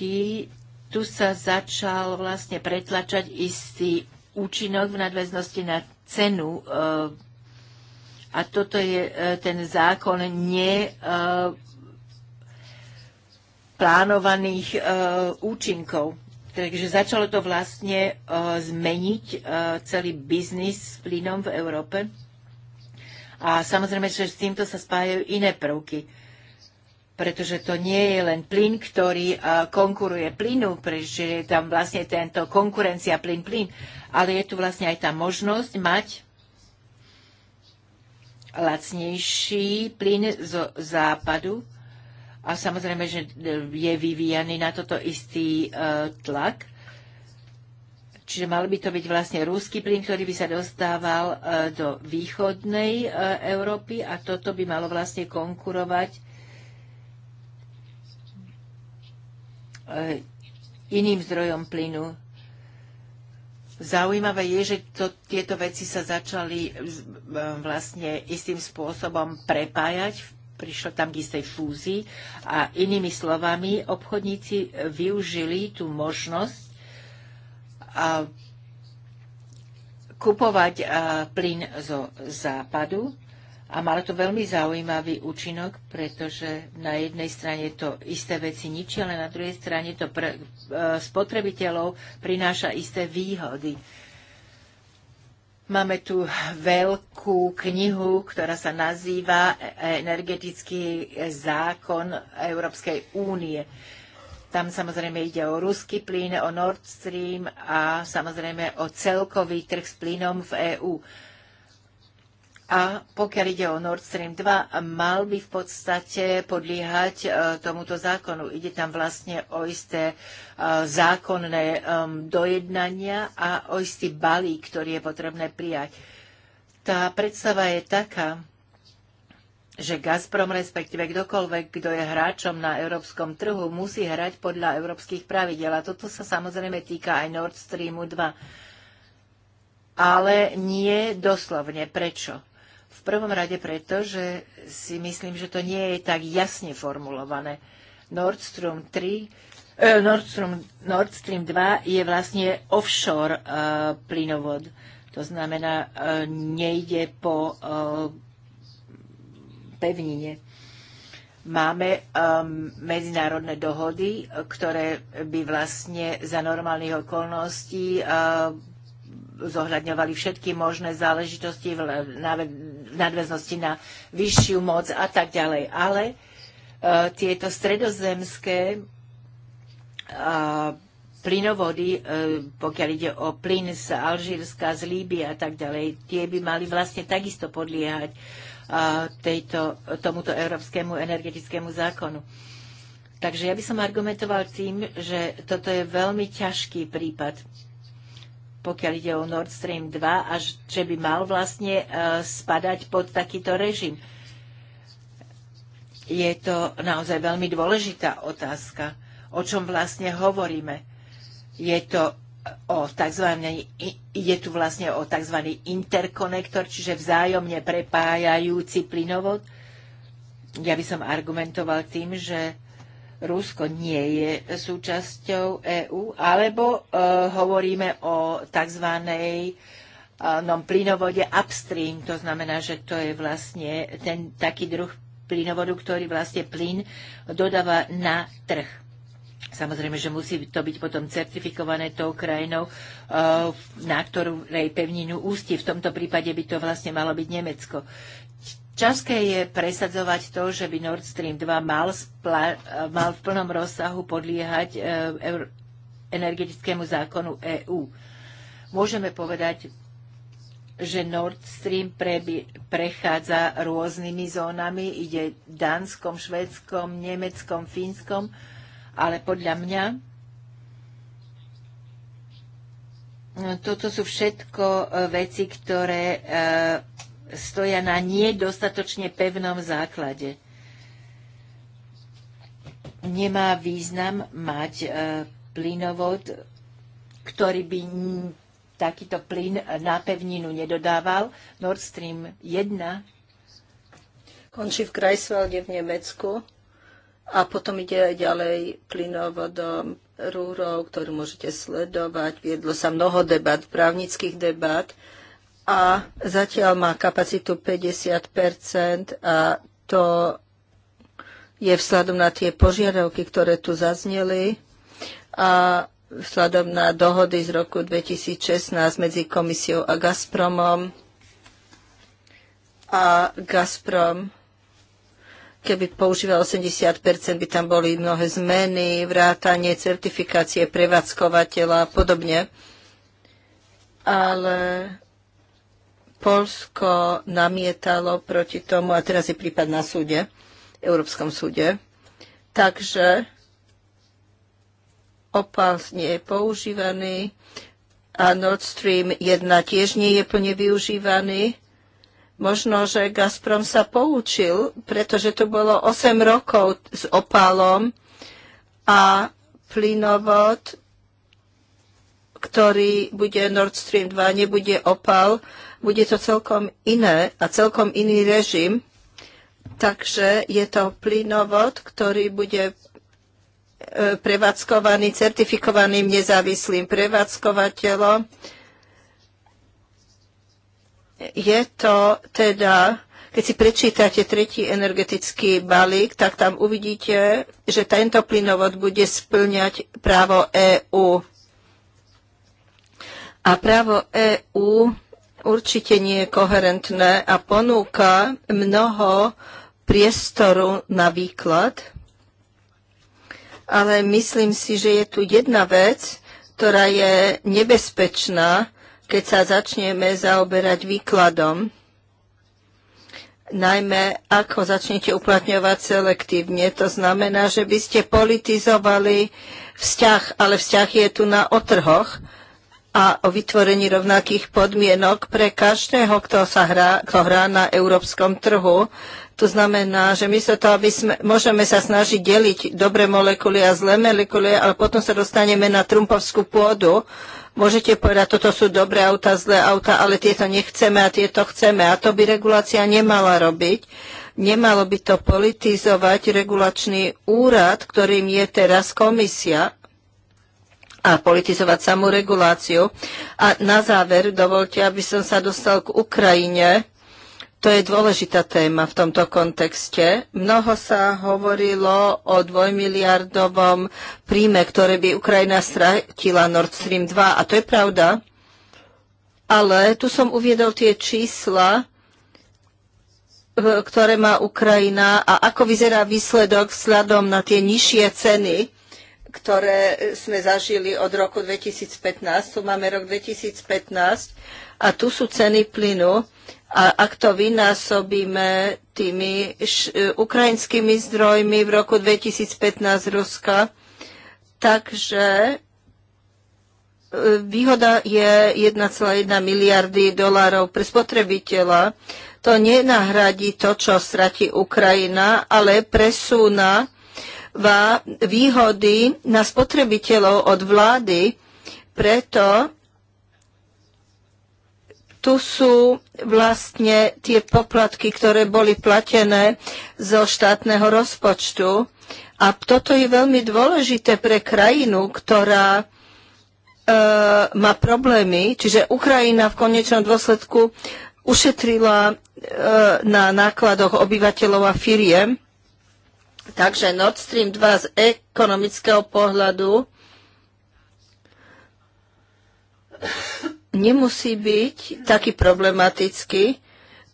tí, tu sa začal vlastne pretlačať istý účinok v nadväznosti na cenu. Eh, a toto je eh, ten zákon ne eh, plánovaných účinkov. Takže začalo to vlastne e, zmeniť e, celý biznis s plynom v Európe. A samozrejme, že s týmto sa spájajú iné prvky pretože to nie je len plyn, ktorý e, konkuruje plynu, pretože je tam vlastne tento konkurencia plyn-plyn, ale je tu vlastne aj tá možnosť mať lacnejší plyn zo západu a samozrejme, že e, je vyvíjaný na toto istý e, tlak. Čiže mal by to byť vlastne rúský plyn, ktorý by sa dostával e, do východnej Európy a toto by malo vlastne konkurovať iným zdrojom plynu. Zaujímavé je, že to, tieto veci sa začali vlastne istým spôsobom prepájať v prišlo tam k istej fúzii a inými slovami obchodníci využili tú možnosť a kupovať a, plyn zo západu a malo to veľmi zaujímavý účinok, pretože na jednej strane to isté veci ničí, ale na druhej strane to pre, e, spotrebiteľov prináša isté výhody Máme tu veľkú knihu, ktorá sa nazýva Energetický zákon Európskej únie. Tam samozrejme ide o ruský plyn, o Nord Stream a samozrejme o celkový trh s plynom v EÚ. A pokiaľ ide o Nord Stream 2, mal by v podstate podliehať e, tomuto zákonu. Ide tam vlastne o isté e, zákonné e, dojednania a o istý balík, ktorý je potrebné prijať. Tá predstava je taká, že Gazprom, respektíve kdokoľvek, kto je hráčom na európskom trhu, musí hrať podľa európskych pravidel. A toto sa samozrejme týka aj Nord Streamu 2. Ale nie doslovne. Prečo? prvom rade preto, že si myslím, že to nie je tak jasne formulované. Nord Stream 3, eh, Nord, Stream, Nord Stream 2 je vlastne offshore eh, plynovod. To znamená, eh, nejde po e, pevnine. Máme um, medzinárodné dohody, ktoré by vlastne za normálnych okolností uh, zohľadňovali všetky možné záležitosti v nadväznosti na vyššiu moc a tak ďalej. Ale e, tieto stredozemské e, plynovody, e, pokiaľ ide o plyn z Alžírska, z Líbie a tak ďalej, tie by mali vlastne takisto podliehať tejto, tomuto európskemu energetickému zákonu. Takže ja by som argumentoval tým, že toto je veľmi ťažký prípad pokiaľ ide o Nord Stream 2, až že by mal vlastne e, spadať pod takýto režim. Je to naozaj veľmi dôležitá otázka, o čom vlastne hovoríme. Je to o tzv. ide tu vlastne o tzv. interkonektor, čiže vzájomne prepájajúci plynovod. Ja by som argumentoval tým, že Rusko nie je súčasťou EÚ, alebo e, hovoríme o tzv. E, no, plynovode upstream, to znamená, že to je vlastne ten taký druh plynovodu, ktorý vlastne plyn dodáva na trh. Samozrejme, že musí to byť potom certifikované tou krajinou, e, na ktorej pevninu ústi. V tomto prípade by to vlastne malo byť Nemecko. Ťažké je presadzovať to, že by Nord Stream 2 mal, spla- mal v plnom rozsahu podliehať e, energetickému zákonu EÚ. Môžeme povedať, že Nord Stream prebi- prechádza rôznymi zónami, ide Dánskom, Švedskom, Nemeckom, Fínskom, ale podľa mňa no, toto sú všetko e, veci, ktoré e, stoja na nedostatočne pevnom základe. Nemá význam mať e, plynovod, ktorý by takýto plyn na pevninu nedodával. Nord Stream 1 končí v Greifswalde v Nemecku a potom ide aj ďalej plynovodom rúrov, ktorú môžete sledovať. Viedlo sa mnoho debat, právnických debat a zatiaľ má kapacitu 50 a to je vzhľadom na tie požiadavky, ktoré tu zazneli a vzhľadom na dohody z roku 2016 medzi komisiou a Gazpromom. A Gazprom, keby používal 80 by tam boli mnohé zmeny, vrátanie, certifikácie prevádzkovateľa a podobne. Ale Polsko namietalo proti tomu a teraz je prípad na súde, Európskom súde. Takže opal nie je používaný a Nord Stream 1 tiež nie je plne využívaný. Možno, že Gazprom sa poučil, pretože to bolo 8 rokov s opalom a plynovod, ktorý bude Nord Stream 2, nebude opal, bude to celkom iné a celkom iný režim. Takže je to plynovod, ktorý bude e, prevádzkovaný certifikovaným nezávislým prevádzkovateľom. Je to teda, keď si prečítate tretí energetický balík, tak tam uvidíte, že tento plynovod bude splňať právo EÚ. A právo EÚ určite nie je koherentné a ponúka mnoho priestoru na výklad. Ale myslím si, že je tu jedna vec, ktorá je nebezpečná, keď sa začneme zaoberať výkladom. Najmä ako začnete uplatňovať selektívne. To znamená, že by ste politizovali vzťah, ale vzťah je tu na otrhoch a o vytvorení rovnakých podmienok pre každého, kto, sa hrá, kto hrá na európskom trhu. To znamená, že my sa to, aby sme, môžeme sa snažiť deliť dobré molekuly a zlé molekuly, ale potom sa dostaneme na trumpovskú pôdu. Môžete povedať, toto sú dobré auta, zlé auta, ale tieto nechceme a tieto chceme. A to by regulácia nemala robiť. Nemalo by to politizovať regulačný úrad, ktorým je teraz komisia, a politizovať samú reguláciu. A na záver dovolte, aby som sa dostal k Ukrajine. To je dôležitá téma v tomto kontexte. Mnoho sa hovorilo o dvojmiliardovom príjme, ktoré by Ukrajina stratila Nord Stream 2 a to je pravda. Ale tu som uviedol tie čísla, ktoré má Ukrajina a ako vyzerá výsledok vzhľadom na tie nižšie ceny ktoré e, sme zažili od roku 2015. Tu máme rok 2015 a tu sú ceny plynu. A ak to vynásobíme tými e, ukrajinskými zdrojmi v roku 2015 Ruska, takže e, výhoda je 1,1 miliardy dolárov pre spotrebiteľa. To nenahradí to, čo stratí Ukrajina, ale presúna výhody na spotrebiteľov od vlády, preto tu sú vlastne tie poplatky, ktoré boli platené zo štátneho rozpočtu. A toto je veľmi dôležité pre krajinu, ktorá e, má problémy, čiže Ukrajina v konečnom dôsledku ušetrila e, na nákladoch obyvateľov a firiem. Takže Nord Stream 2 z ekonomického pohľadu nemusí byť taký problematický.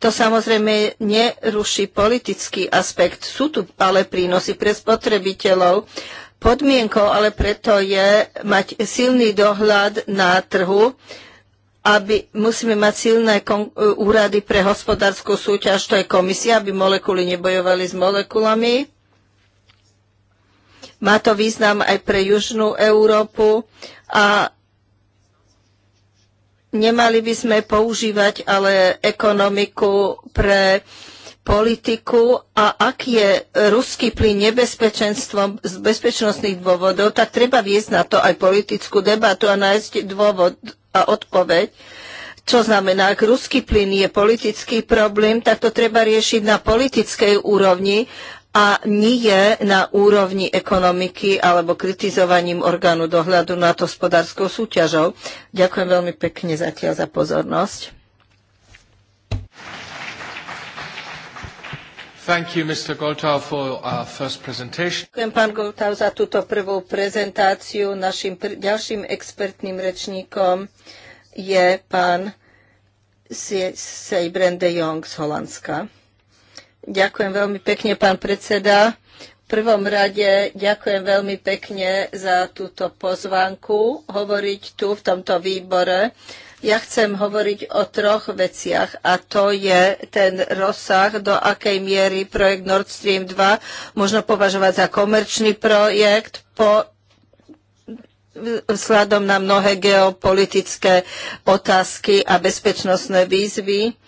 To samozrejme neruší politický aspekt. Sú tu ale prínosy pre spotrebiteľov. Podmienkou ale preto je mať silný dohľad na trhu, aby musíme mať silné úrady pre hospodárskú súťaž, to je komisia, aby molekuly nebojovali s molekulami má to význam aj pre Južnú Európu a nemali by sme používať ale ekonomiku pre politiku a ak je ruský plyn nebezpečenstvom z bezpečnostných dôvodov, tak treba viesť na to aj politickú debatu a nájsť dôvod a odpoveď. Čo znamená, ak ruský plyn je politický problém, tak to treba riešiť na politickej úrovni a nie je na úrovni ekonomiky alebo kritizovaním orgánu dohľadu nad hospodárskou súťažou. Ďakujem veľmi pekne zatiaľ za pozornosť. Thank you, Mr. Goltau, for our first presentation. Ďakujem, pán Goltau, za túto prvú prezentáciu. Našim pr- ďalším expertným rečníkom je pán Sej Brende Jong z Holandska. Ďakujem veľmi pekne, pán predseda. V prvom rade ďakujem veľmi pekne za túto pozvánku hovoriť tu v tomto výbore. Ja chcem hovoriť o troch veciach a to je ten rozsah, do akej miery projekt Nord Stream 2 možno považovať za komerčný projekt po vzhľadom na mnohé geopolitické otázky a bezpečnostné výzvy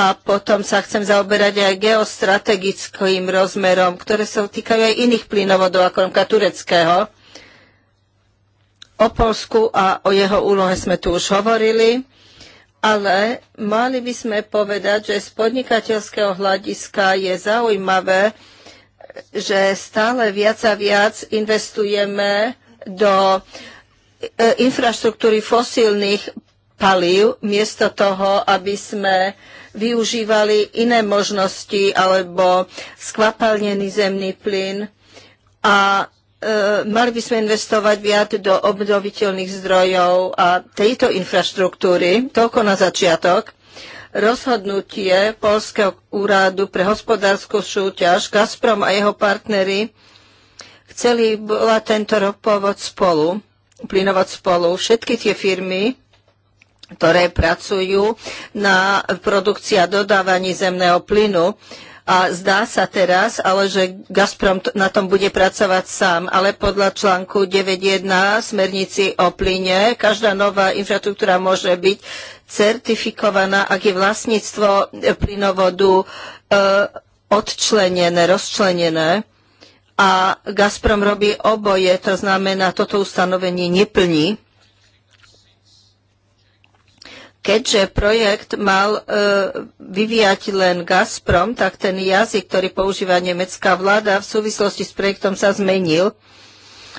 a potom sa chcem zaoberať aj geostrategickým rozmerom, ktoré sa týkajú aj iných plynovodov, ako napríklad tureckého. O Polsku a o jeho úlohe sme tu už hovorili, ale mali by sme povedať, že z podnikateľského hľadiska je zaujímavé, že stále viac a viac investujeme do e, infraštruktúry fosílnych palív, miesto toho, aby sme uh, využívali iné možnosti alebo skvapalnený zemný plyn a e, mali by sme investovať viac do obnoviteľných zdrojov a tejto infraštruktúry. Toľko na začiatok. Rozhodnutie Polského úradu pre hospodárskú súťaž Gazprom a jeho partnery chceli bola tento ropovod spolu, plynovať spolu. Všetky tie firmy ktoré pracujú na produkcii a dodávaní zemného plynu. A zdá sa teraz, ale že Gazprom na tom bude pracovať sám, ale podľa článku 9.1 smernici o plyne každá nová infraštruktúra môže byť certifikovaná, ak je vlastníctvo plynovodu e, odčlenené, rozčlenené. A Gazprom robí oboje, to znamená, toto ustanovenie neplní Keďže projekt mal e, vyvíjať len Gazprom, tak ten jazyk, ktorý používa nemecká vláda v súvislosti s projektom sa zmenil.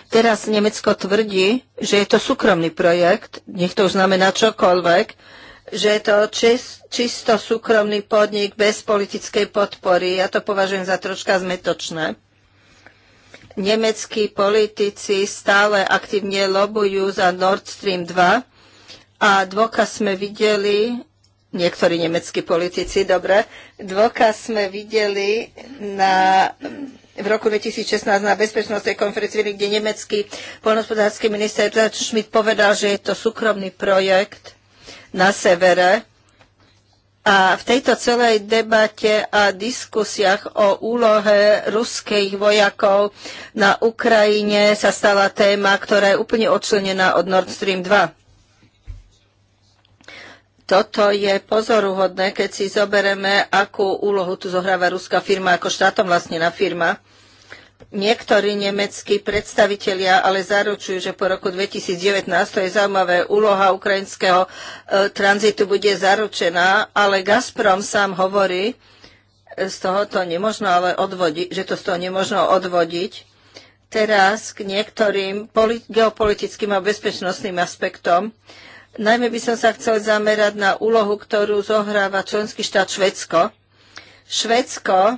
Teraz Nemecko tvrdí, že je to súkromný projekt, nech to už znamená čokoľvek, že je to čist, čisto súkromný podnik bez politickej podpory. Ja to považujem za troška zmetočné nemeckí politici stále aktívne lobujú za Nord Stream 2 a dôkaz sme videli, niektorí nemeckí politici, dobre, dôkaz sme videli na v roku 2016 na bezpečnostnej konferencii, kde nemecký polnospodársky minister Schmidt povedal, že je to súkromný projekt na severe. A v tejto celej debate a diskusiách o úlohe ruských vojakov na Ukrajine sa stala téma, ktorá je úplne odčlenená od Nord Stream 2. Toto je pozoruhodné, keď si zobereme, akú úlohu tu zohráva ruská firma ako štátom vlastne na firma. Niektorí nemeckí predstavitelia ale zaručujú, že po roku 2019, to je zaujímavé, úloha ukrajinského e, tranzitu bude zaručená, ale Gazprom sám hovorí, e, z toho to nemožno ale odvodiť, že to z toho nemožno odvodiť. Teraz k niektorým geopolitickým a bezpečnostným aspektom. E, Najmä by som sa chcel zamerať na úlohu, ktorú zohráva členský štát Švedsko. Švedsko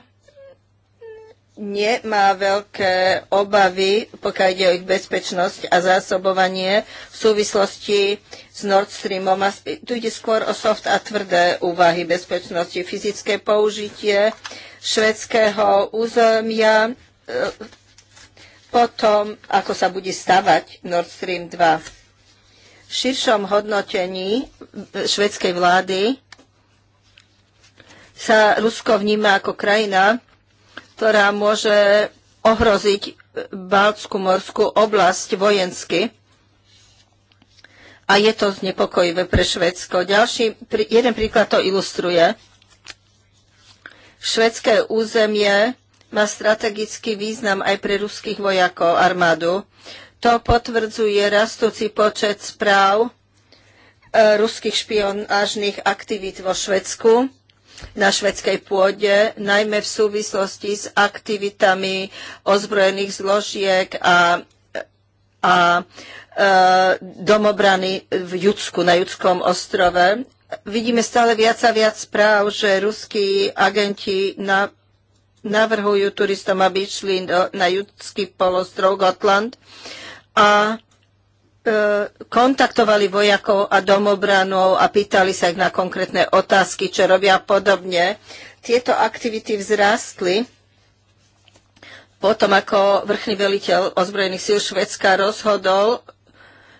nemá veľké obavy, pokiaľ ide o ich bezpečnosť a zásobovanie v súvislosti s Nord Streamom. A tu ide skôr o soft a tvrdé úvahy bezpečnosti, fyzické použitie švedského územia, e, potom ako sa bude stavať Nord Stream 2 širšom hodnotení švedskej vlády sa Rusko vníma ako krajina, ktorá môže ohroziť Baltskú morskú oblasť vojensky. A je to znepokojivé pre Švedsko. Ďalší, jeden príklad to ilustruje. Švedské územie má strategický význam aj pre ruských vojakov armádu. To potvrdzuje rastúci počet správ e, ruských špionážnych aktivít vo Švedsku na švedskej pôde, najmä v súvislosti s aktivitami ozbrojených zložiek a, a e, domobrany v Judsku, na Judskom ostrove. Vidíme stále viac a viac správ, že ruskí agenti na, navrhujú turistom, aby išli do, na Judský polostrov Gotland. E, a e, kontaktovali vojakov a domobranov a pýtali sa ich na konkrétne otázky, čo robia podobne. Tieto aktivity vzrastli potom, ako vrchný veliteľ ozbrojených síl Švedska rozhodol,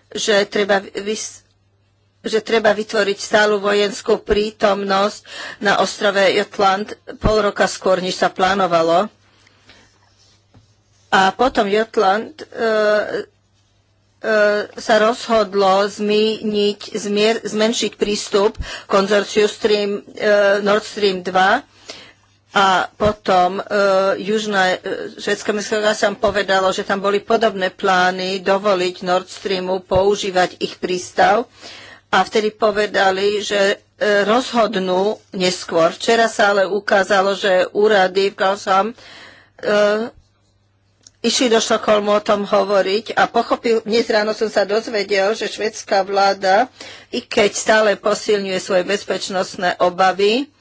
že treba, vys- že treba vytvoriť stálu vojenskú prítomnosť na ostrove Jotland pol roka skôr, než sa plánovalo. A potom Jotland e, E, sa rozhodlo zmieniť, zmier, zmenšiť prístup konzorciu Stream, uh, Nord Stream 2 a potom uh, Južné e, e Švedské sa som povedalo, že tam boli podobné plány dovoliť Nord Streamu používať ich prístav a vtedy povedali, že uh, rozhodnú neskôr. Včera sa ale ukázalo, že úrady v Kalsam uh, išli do Štokholmu o tom hovoriť a pochopil, dnes ráno som sa dozvedel, že švedská vláda, i keď stále posilňuje svoje bezpečnostné obavy,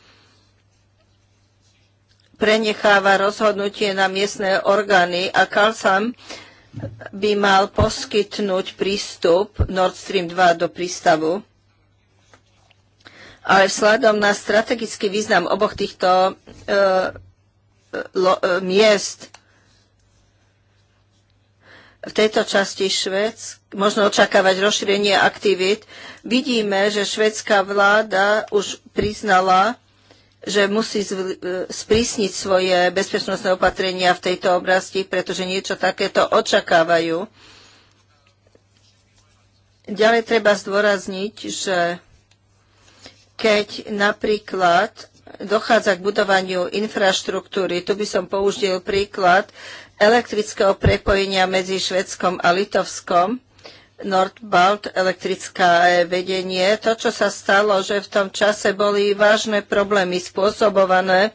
prenecháva rozhodnutie na miestne orgány a Kalsam by mal poskytnúť prístup Nord Stream 2 do prístavu. Ale vzhľadom na strategický význam oboch týchto e, e lo, e, miest v tejto časti Švec, možno očakávať rozšírenie aktivít. Vidíme, že švedská vláda už priznala, že musí e, sprísniť svoje bezpečnostné opatrenia v tejto oblasti, pretože niečo takéto očakávajú. Ďalej treba zdôrazniť, že keď napríklad dochádza k budovaniu infraštruktúry, tu by som použil príklad elektrického prepojenia medzi Švedskom a Litovskom, Nordbalt, elektrické vedenie. To, čo sa stalo, že v tom čase boli vážne problémy spôsobované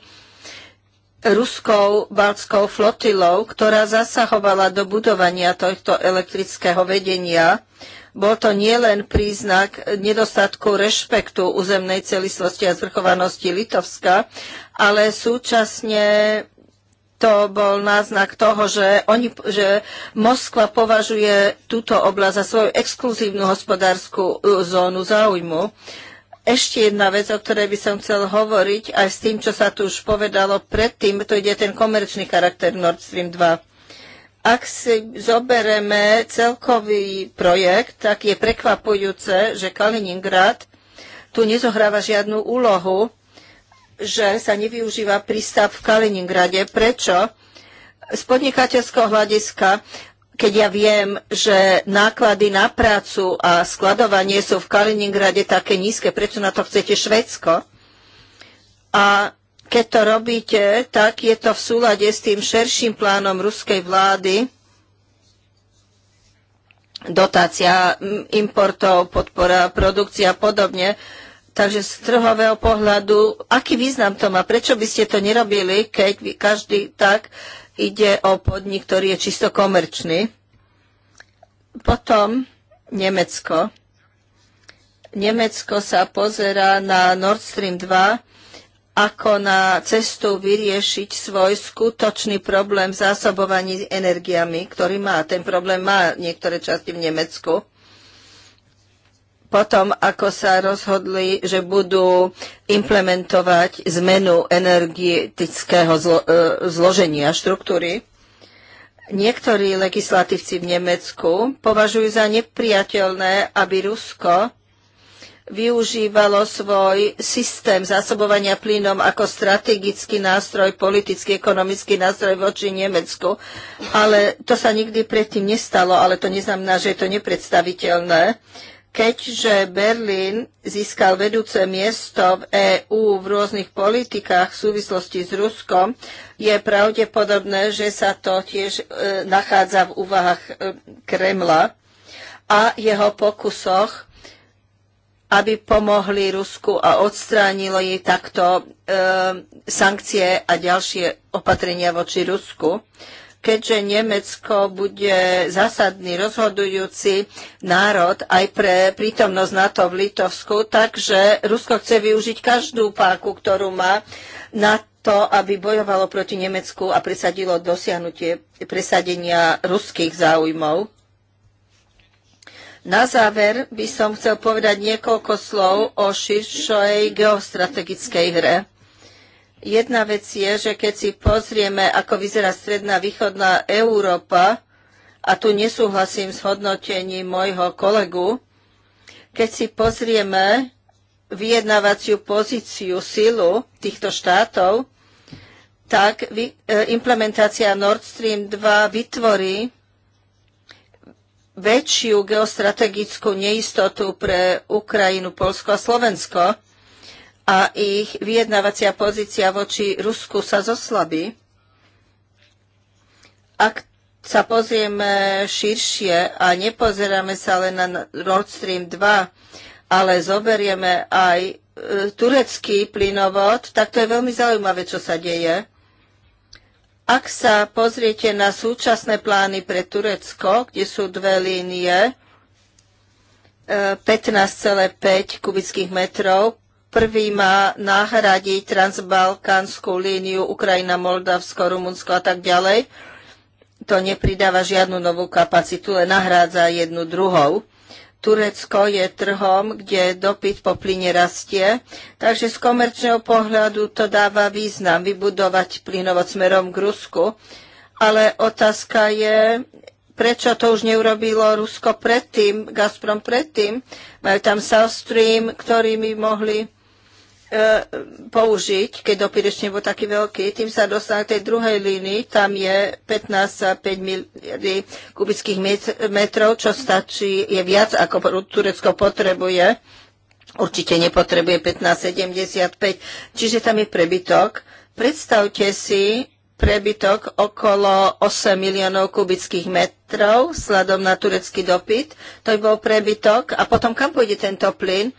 ruskou baltskou flotilou, ktorá zasahovala do budovania tohto elektrického vedenia. Bol to nielen príznak nedostatku rešpektu územnej celistvosti a zvrchovanosti Litovska, ale súčasne to bol náznak toho, že, oni, že Moskva považuje túto oblasť za svoju exkluzívnu hospodárskú e, zónu záujmu. Ešte jedna vec, o ktorej by som chcel hovoriť, aj s tým, čo sa tu už povedalo predtým, to ide ten komerčný charakter Nord Stream 2. Ak si zobereme celkový projekt, tak je prekvapujúce, že Kaliningrad tu nezohráva žiadnu úlohu že sa nevyužíva prístav v Kaliningrade. Prečo? Z podnikateľského hľadiska, keď ja viem, že náklady na prácu a skladovanie sú v Kaliningrade také nízke, prečo na to chcete Švedsko? A keď to robíte, tak je to v súlade s tým šerším plánom ruskej vlády, dotácia importov, podpora produkcia a podobne, Takže z trhového pohľadu, aký význam to má? Prečo by ste to nerobili, keď každý tak ide o podnik, ktorý je čisto komerčný? Potom Nemecko. Nemecko sa pozera na Nord Stream 2 ako na cestu vyriešiť svoj skutočný problém v zásobovaní energiami, ktorý má. Ten problém má niektoré časti v Nemecku potom, ako sa rozhodli, že budú implementovať zmenu energetického zlo, e, zloženia štruktúry. Niektorí legislatívci v Nemecku považujú za nepriateľné, aby Rusko využívalo svoj systém zásobovania plynom ako strategický nástroj, politický, ekonomický nástroj voči Nemecku. Ale to sa nikdy predtým nestalo, ale to neznamená, že je to nepredstaviteľné. Keďže Berlín získal vedúce miesto v EÚ v rôznych politikách v súvislosti s Ruskom, je pravdepodobné, že sa to tiež e, nachádza v úvahách e, Kremla a jeho pokusoch, aby pomohli Rusku a odstránilo jej takto e, sankcie a ďalšie opatrenia voči Rusku keďže Nemecko bude zásadný, rozhodujúci národ aj pre prítomnosť NATO v Litovsku, takže Rusko chce využiť každú páku, ktorú má na to, aby bojovalo proti Nemecku a presadilo dosiahnutie presadenia ruských záujmov. Na záver by som chcel povedať niekoľko slov o širšej geostrategickej hre. Jedna vec je, že keď si pozrieme, ako vyzerá stredná východná Európa, a tu nesúhlasím s hodnotením môjho kolegu, keď si pozrieme vyjednávaciu pozíciu, silu týchto štátov, tak e, implementácia Nord Stream 2 vytvorí väčšiu geostrategickú neistotu pre Ukrajinu, Polsko a Slovensko a ich vyjednávacia pozícia voči Rusku sa zoslabí. Ak sa pozrieme širšie a nepozeráme sa len na Nord Stream 2, ale zoberieme aj e, turecký plynovod, tak to je veľmi zaujímavé, čo sa deje. Ak sa pozriete na súčasné plány pre Turecko, kde sú dve línie, 15,5 e, kubických metrov Prvý má nahradiť transbalkánsku líniu Ukrajina, Moldavsko, Rumunsko a tak ďalej. To nepridáva žiadnu novú kapacitu, len nahrádza jednu druhou. Turecko je trhom, kde dopyt po plyne rastie, takže z komerčného pohľadu to dáva význam vybudovať plynovod smerom k Rusku. Ale otázka je, prečo to už neurobilo Rusko predtým, Gazprom predtým. Majú tam South Stream, ktorými mohli E, použiť, keď dopirečne bol taký veľký, tým sa dostane tej druhej línii, tam je 15,5 miliardy kubických metrov, čo stačí, je viac ako Turecko potrebuje. Určite nepotrebuje 15,75, čiže tam je prebytok. Predstavte si prebytok okolo 8 miliónov kubických metrov sladom na turecký dopyt. To by bol prebytok. A potom kam pôjde tento plyn?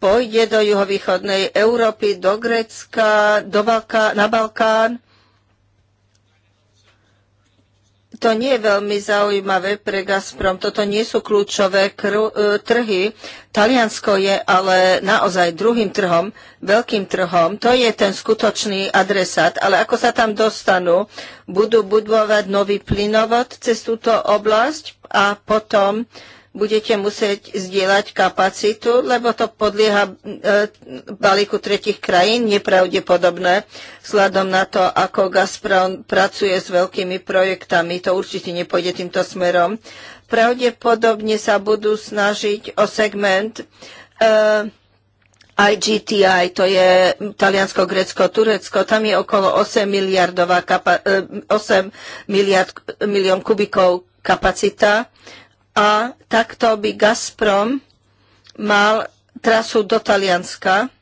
pôjde do juhovýchodnej Európy, do Grécka, do Balká, na Balkán. To nie je veľmi zaujímavé pre Gazprom. Toto nie sú kľúčové e, trhy. Taliansko je ale naozaj druhým trhom, veľkým trhom. To je ten skutočný adresát. Ale ako sa tam dostanú? Budú budovať nový plynovod cez túto oblasť a potom uh, budete musieť zdieľať kapacitu, lebo to podlieha e, balíku tretich krajín, nepravdepodobné, vzhľadom na to, ako Gazprom pracuje s veľkými projektami, to určite nepôjde týmto smerom. Pravdepodobne sa budú snažiť o segment IGTI, e, to je Taliansko, Grécko, Turecko, tam je okolo 8, miliardová 8 e, miliard, milión kubikov kapacita a takto by Gazprom mal trasu do Talianska,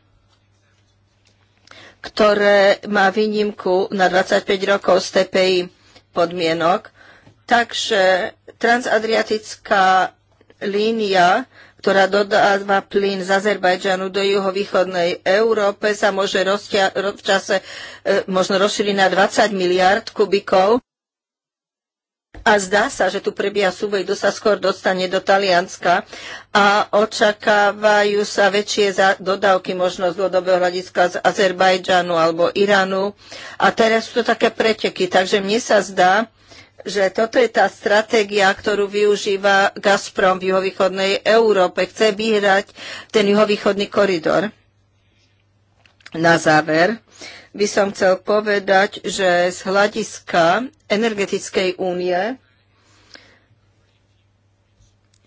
ktoré má výnimku na 25 rokov z TPI podmienok. Takže transadriatická línia, ktorá dodáva plyn z Azerbajdžanu do juhovýchodnej Európe, sa môže rozťa- v čase e, možno rozšíriť na 20 miliard kubikov a zdá sa, že tu prebieha súboj, kto sa skôr dostane do Talianska a očakávajú sa väčšie dodávky možno z dlhodobého hľadiska z Azerbajdžanu alebo Iránu. A teraz sú to také preteky, takže mne sa zdá, že toto je tá stratégia, ktorú využíva Gazprom v juhovýchodnej Európe. Chce vyhrať ten juhovýchodný koridor. Na záver, by som chcel povedať, že z hľadiska energetickej únie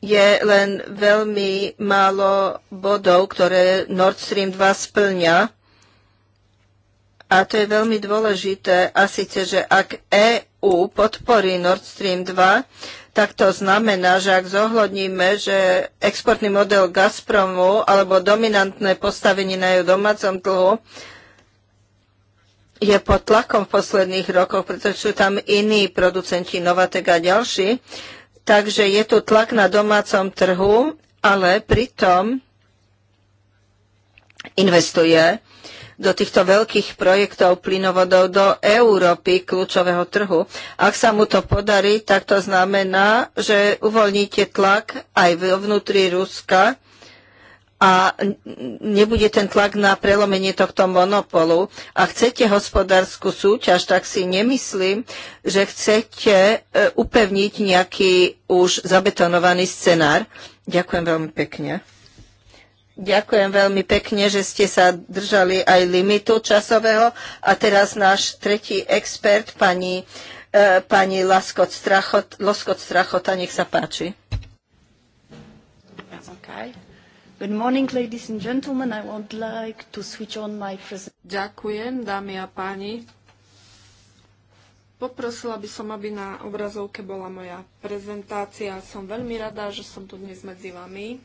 je len veľmi málo bodov, ktoré Nord Stream 2 splňa. A to je veľmi dôležité, a síce, že ak EU podporí Nord Stream 2, tak to znamená, že ak zohľadníme, že exportný model Gazpromu alebo dominantné postavenie na jeho domácom dlhu je pod tlakom v posledných rokoch, pretože sú tam iní producenti Novatek a ďalší. Takže je tu tlak na domácom trhu, ale pritom investuje do týchto veľkých projektov plynovodov do Európy, kľúčového trhu. Ak sa mu to podarí, tak to znamená, že uvoľníte tlak aj vnútri Ruska a nebude ten tlak na prelomenie tohto monopolu. A chcete hospodárskú súťaž, tak si nemyslím, že chcete e, upevniť nejaký už zabetonovaný scenár. Ďakujem veľmi pekne. Ďakujem veľmi pekne, že ste sa držali aj limitu časového. A teraz náš tretí expert, pani, e, pani Laskot, Strachot, Laskot Strachota, nech sa páči. Okay. Good morning, ladies and gentlemen. I would like to switch on my Ďakujem, dámy a páni. Poprosila by som, aby na obrazovke bola moja prezentácia. Som veľmi rada, že som tu dnes medzi vami.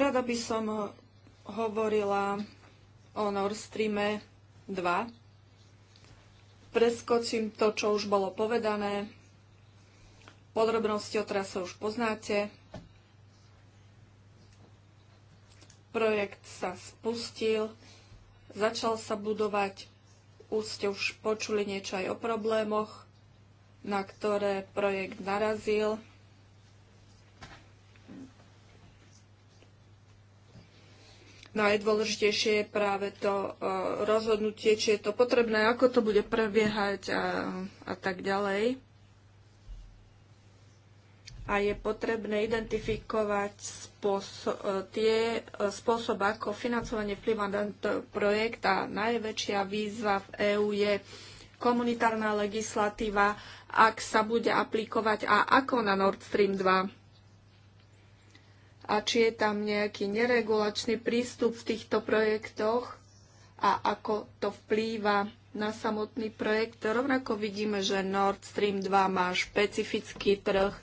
Rada by som hovorila o Nord Streame 2 Preskočím to, čo už bolo povedané. Podrobnosti o trase už poznáte. Projekt sa spustil, začal sa budovať. Už ste už počuli niečo aj o problémoch, na ktoré projekt narazil najdôležitejšie no je práve to e, rozhodnutie, či je to potrebné, ako to bude prebiehať a, a tak ďalej. A je potrebné identifikovať e, e, spôsob, tie spôsoby, ako financovanie vplyva na tento projekt. A najväčšia výzva v EÚ je komunitárna legislatíva, ak sa bude aplikovať a ako na Nord Stream 2 a či je tam nejaký neregulačný prístup v týchto projektoch a ako to vplýva na samotný projekt. Rovnako vidíme, že Nord Stream 2 má špecifický trh,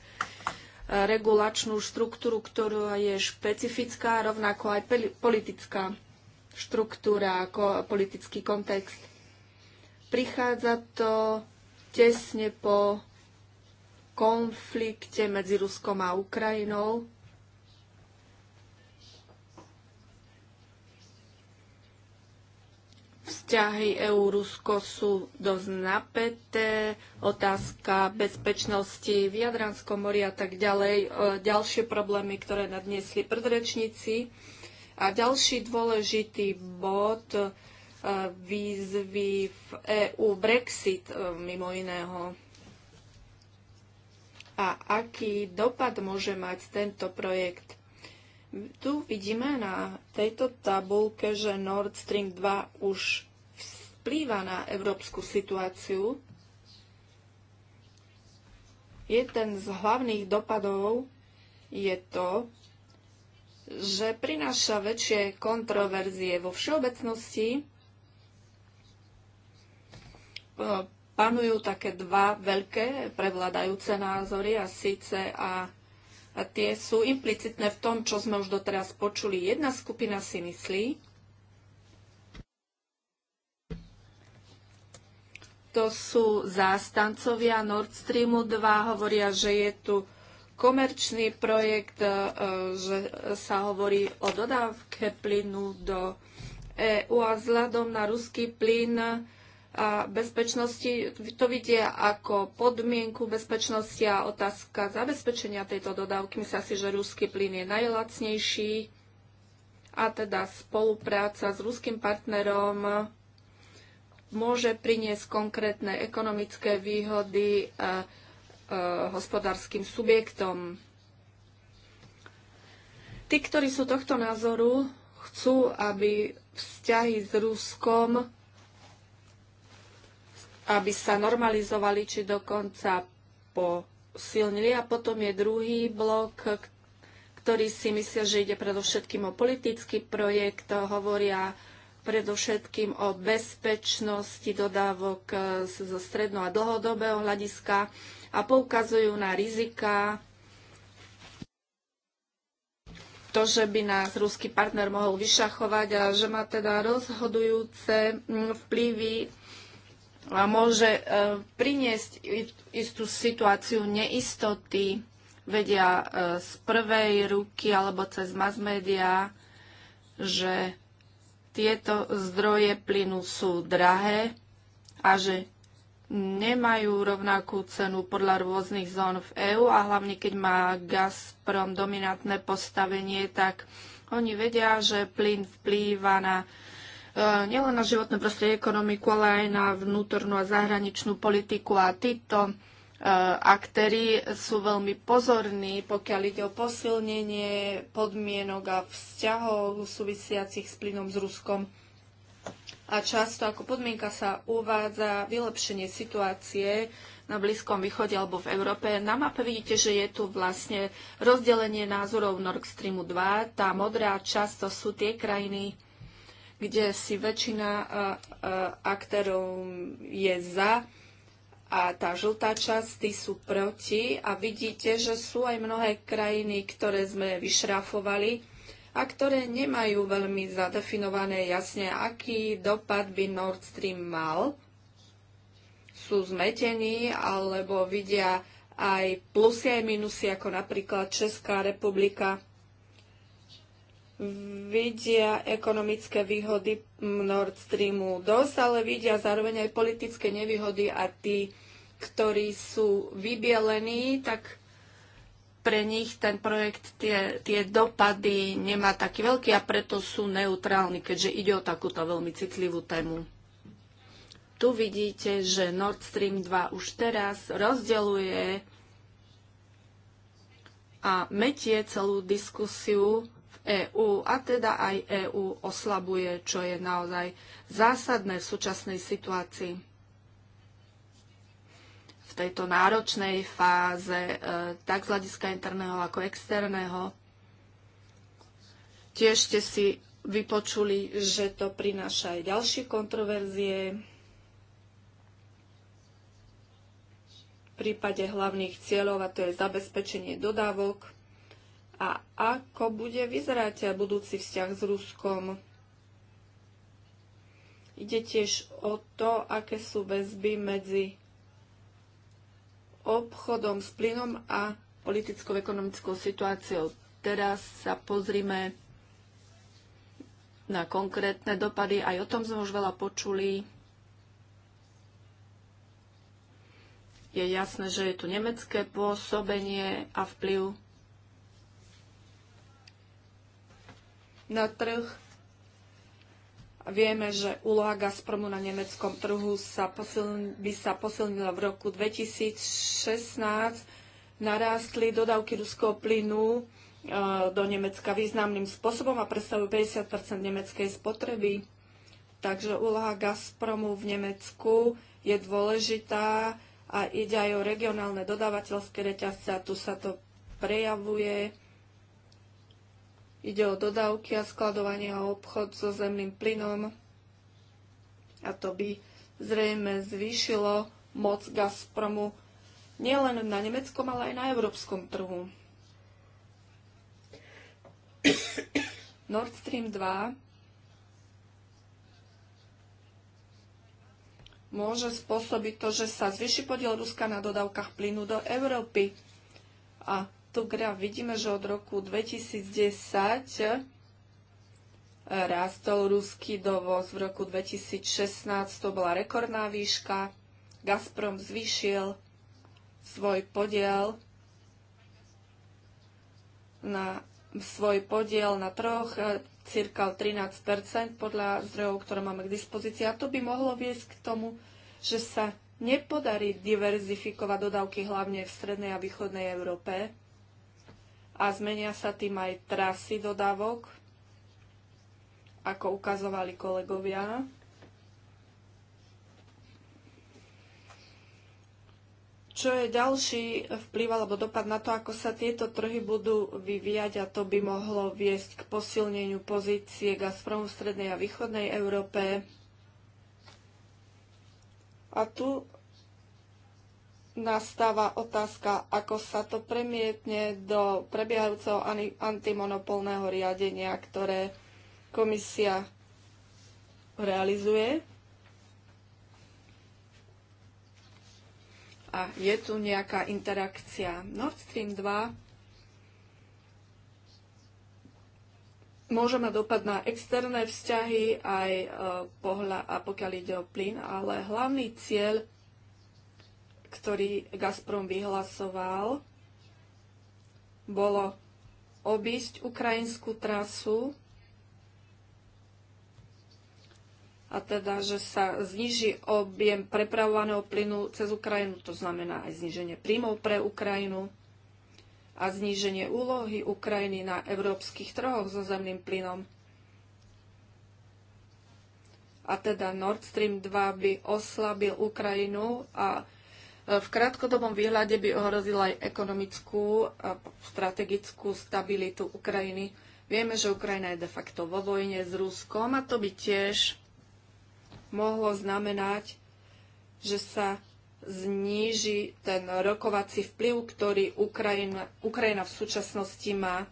regulačnú štruktúru, ktorá je špecifická, rovnako aj politická štruktúra ako politický kontext. Prichádza to tesne po konflikte medzi Ruskom a Ukrajinou, Vzťahy EU-Rusko sú dosť napäté, otázka bezpečnosti v Jadranskom mori a tak ďalej, e, ďalšie problémy, ktoré nadniesli predrečníci. A ďalší dôležitý bod e, výzvy v EU Brexit e, mimo iného. A aký dopad môže mať tento projekt tu vidíme na tejto tabulke, že Nord Stream 2 už vplýva na európsku situáciu. Jeden z hlavných dopadov je to, že prináša väčšie kontroverzie vo všeobecnosti. Panujú také dva veľké prevládajúce názory a síce a a tie sú implicitné v tom, čo sme už doteraz počuli. Jedna skupina si myslí, to sú zástancovia Nord Streamu 2, hovoria, že je tu komerčný projekt, e, že sa hovorí o dodávke plynu do EU a vzhľadom na ruský plyn a bezpečnosti to vidia ako podmienku bezpečnosti a otázka zabezpečenia tejto dodávky. Myslia si, že ruský plyn je najlacnejší a teda spolupráca s ruským partnerom môže priniesť konkrétne ekonomické výhody a, e, a, e, hospodárskym subjektom. Tí, ktorí sú tohto názoru, chcú, aby vzťahy s Ruskom aby sa normalizovali či dokonca posilnili. A potom je druhý blok, ktorý si myslia, že ide predovšetkým o politický projekt, hovoria predovšetkým o bezpečnosti dodávok e, zo stredno- a dlhodobého hľadiska a poukazujú na rizika, to, že by nás ruský partner mohol vyšachovať a že má teda rozhodujúce mm, vplyvy môže e, priniesť istú situáciu neistoty, vedia e, z prvej ruky alebo cez mass media, že tieto zdroje plynu sú drahé a že nemajú rovnakú cenu podľa rôznych zón v EÚ a hlavne keď má Gazprom dominantné postavenie, tak oni vedia, že plyn vplýva na E, nielen na životné prostredie, ekonomiku, ale aj na vnútornú a zahraničnú politiku. A títo e, aktéry sú veľmi pozorní, pokiaľ ide o posilnenie podmienok a vzťahov súvisiacich s plynom s Ruskom. A často ako podmienka sa uvádza vylepšenie situácie na Blízkom východe alebo v Európe. Na mape vidíte, že je tu vlastne rozdelenie názorov Nord Streamu 2. Tá modrá často sú tie krajiny, kde si väčšina aktérov je za a tá žltá časť, tí sú proti a vidíte, že sú aj mnohé krajiny, ktoré sme vyšrafovali a ktoré nemajú veľmi zadefinované jasne, aký dopad by Nord Stream mal. Sú zmetení alebo vidia aj plusy aj minusy, ako napríklad Česká republika vidia ekonomické výhody Nord Streamu dosť, ale vidia zároveň aj politické nevýhody a tí, ktorí sú vybielení, tak pre nich ten projekt, tie, tie dopady nemá taký veľký a preto sú neutrálni, keďže ide o takúto veľmi citlivú tému. Tu vidíte, že Nord Stream 2 už teraz rozdeluje a metie celú diskusiu EÚ a teda aj EÚ oslabuje, čo je naozaj zásadné v súčasnej situácii. V tejto náročnej fáze, e, tak z hľadiska interného ako externého, tiež ste si vypočuli, že to prináša aj ďalšie kontroverzie. V prípade hlavných cieľov, a to je zabezpečenie dodávok a ako bude vyzerať budúci vzťah s Ruskom. Ide tiež o to, aké sú väzby medzi obchodom s plynom a politickou ekonomickou situáciou. Teraz sa pozrime na konkrétne dopady. Aj o tom sme už veľa počuli. Je jasné, že je tu nemecké pôsobenie a vplyv na trh. Vieme, že úloha Gazpromu na nemeckom trhu sa posiln- by sa posilnila v roku 2016. Narástli dodávky ruského plynu e, do Nemecka významným spôsobom a predstavujú 50 nemeckej spotreby. Takže úloha Gazpromu v Nemecku je dôležitá a ide aj o regionálne dodávateľské reťazce a tu sa to prejavuje Ide o dodávky a skladovanie a obchod so zemným plynom a to by zrejme zvýšilo moc Gazpromu nielen na nemeckom, ale aj na európskom trhu. Nord Stream 2 môže spôsobiť to, že sa zvyši podiel Ruska na dodávkach plynu do Európy. A tu graf vidíme, že od roku 2010 eh, rastol ruský dovoz. V roku 2016 to bola rekordná výška. Gazprom zvýšil svoj podiel na svoj podiel na troch eh, cirka 13 podľa zdrojov, ktoré máme k dispozícii. A to by mohlo viesť k tomu, že sa nepodarí diverzifikovať dodávky hlavne v strednej a východnej Európe a zmenia sa tým aj trasy dodávok, ako ukazovali kolegovia. Čo je ďalší vplyv alebo dopad na to, ako sa tieto trhy budú vyvíjať a to by mohlo viesť k posilneniu pozície Gazpromu v strednej a východnej Európe. A tu nastáva otázka, ako sa to premietne do prebiehajúceho antimonopolného riadenia, ktoré komisia realizuje. A je tu nejaká interakcia. Nord Stream 2 môže mať dopad na externé vzťahy aj e, pohľa, a pokiaľ ide o plyn, ale hlavný cieľ ktorý Gazprom vyhlasoval, bolo obísť ukrajinskú trasu a teda, že sa zniží objem prepravovaného plynu cez Ukrajinu, to znamená aj zníženie príjmov pre Ukrajinu a zníženie úlohy Ukrajiny na európskych trhoch so zemným plynom. A teda Nord Stream 2 by oslabil Ukrajinu a v krátkodobom výhľade by ohrozila aj ekonomickú a strategickú stabilitu Ukrajiny. Vieme, že Ukrajina je de facto vo vojne s Ruskom a to by tiež mohlo znamenať, že sa zníži ten rokovací vplyv, ktorý Ukrajina, Ukrajina v súčasnosti má.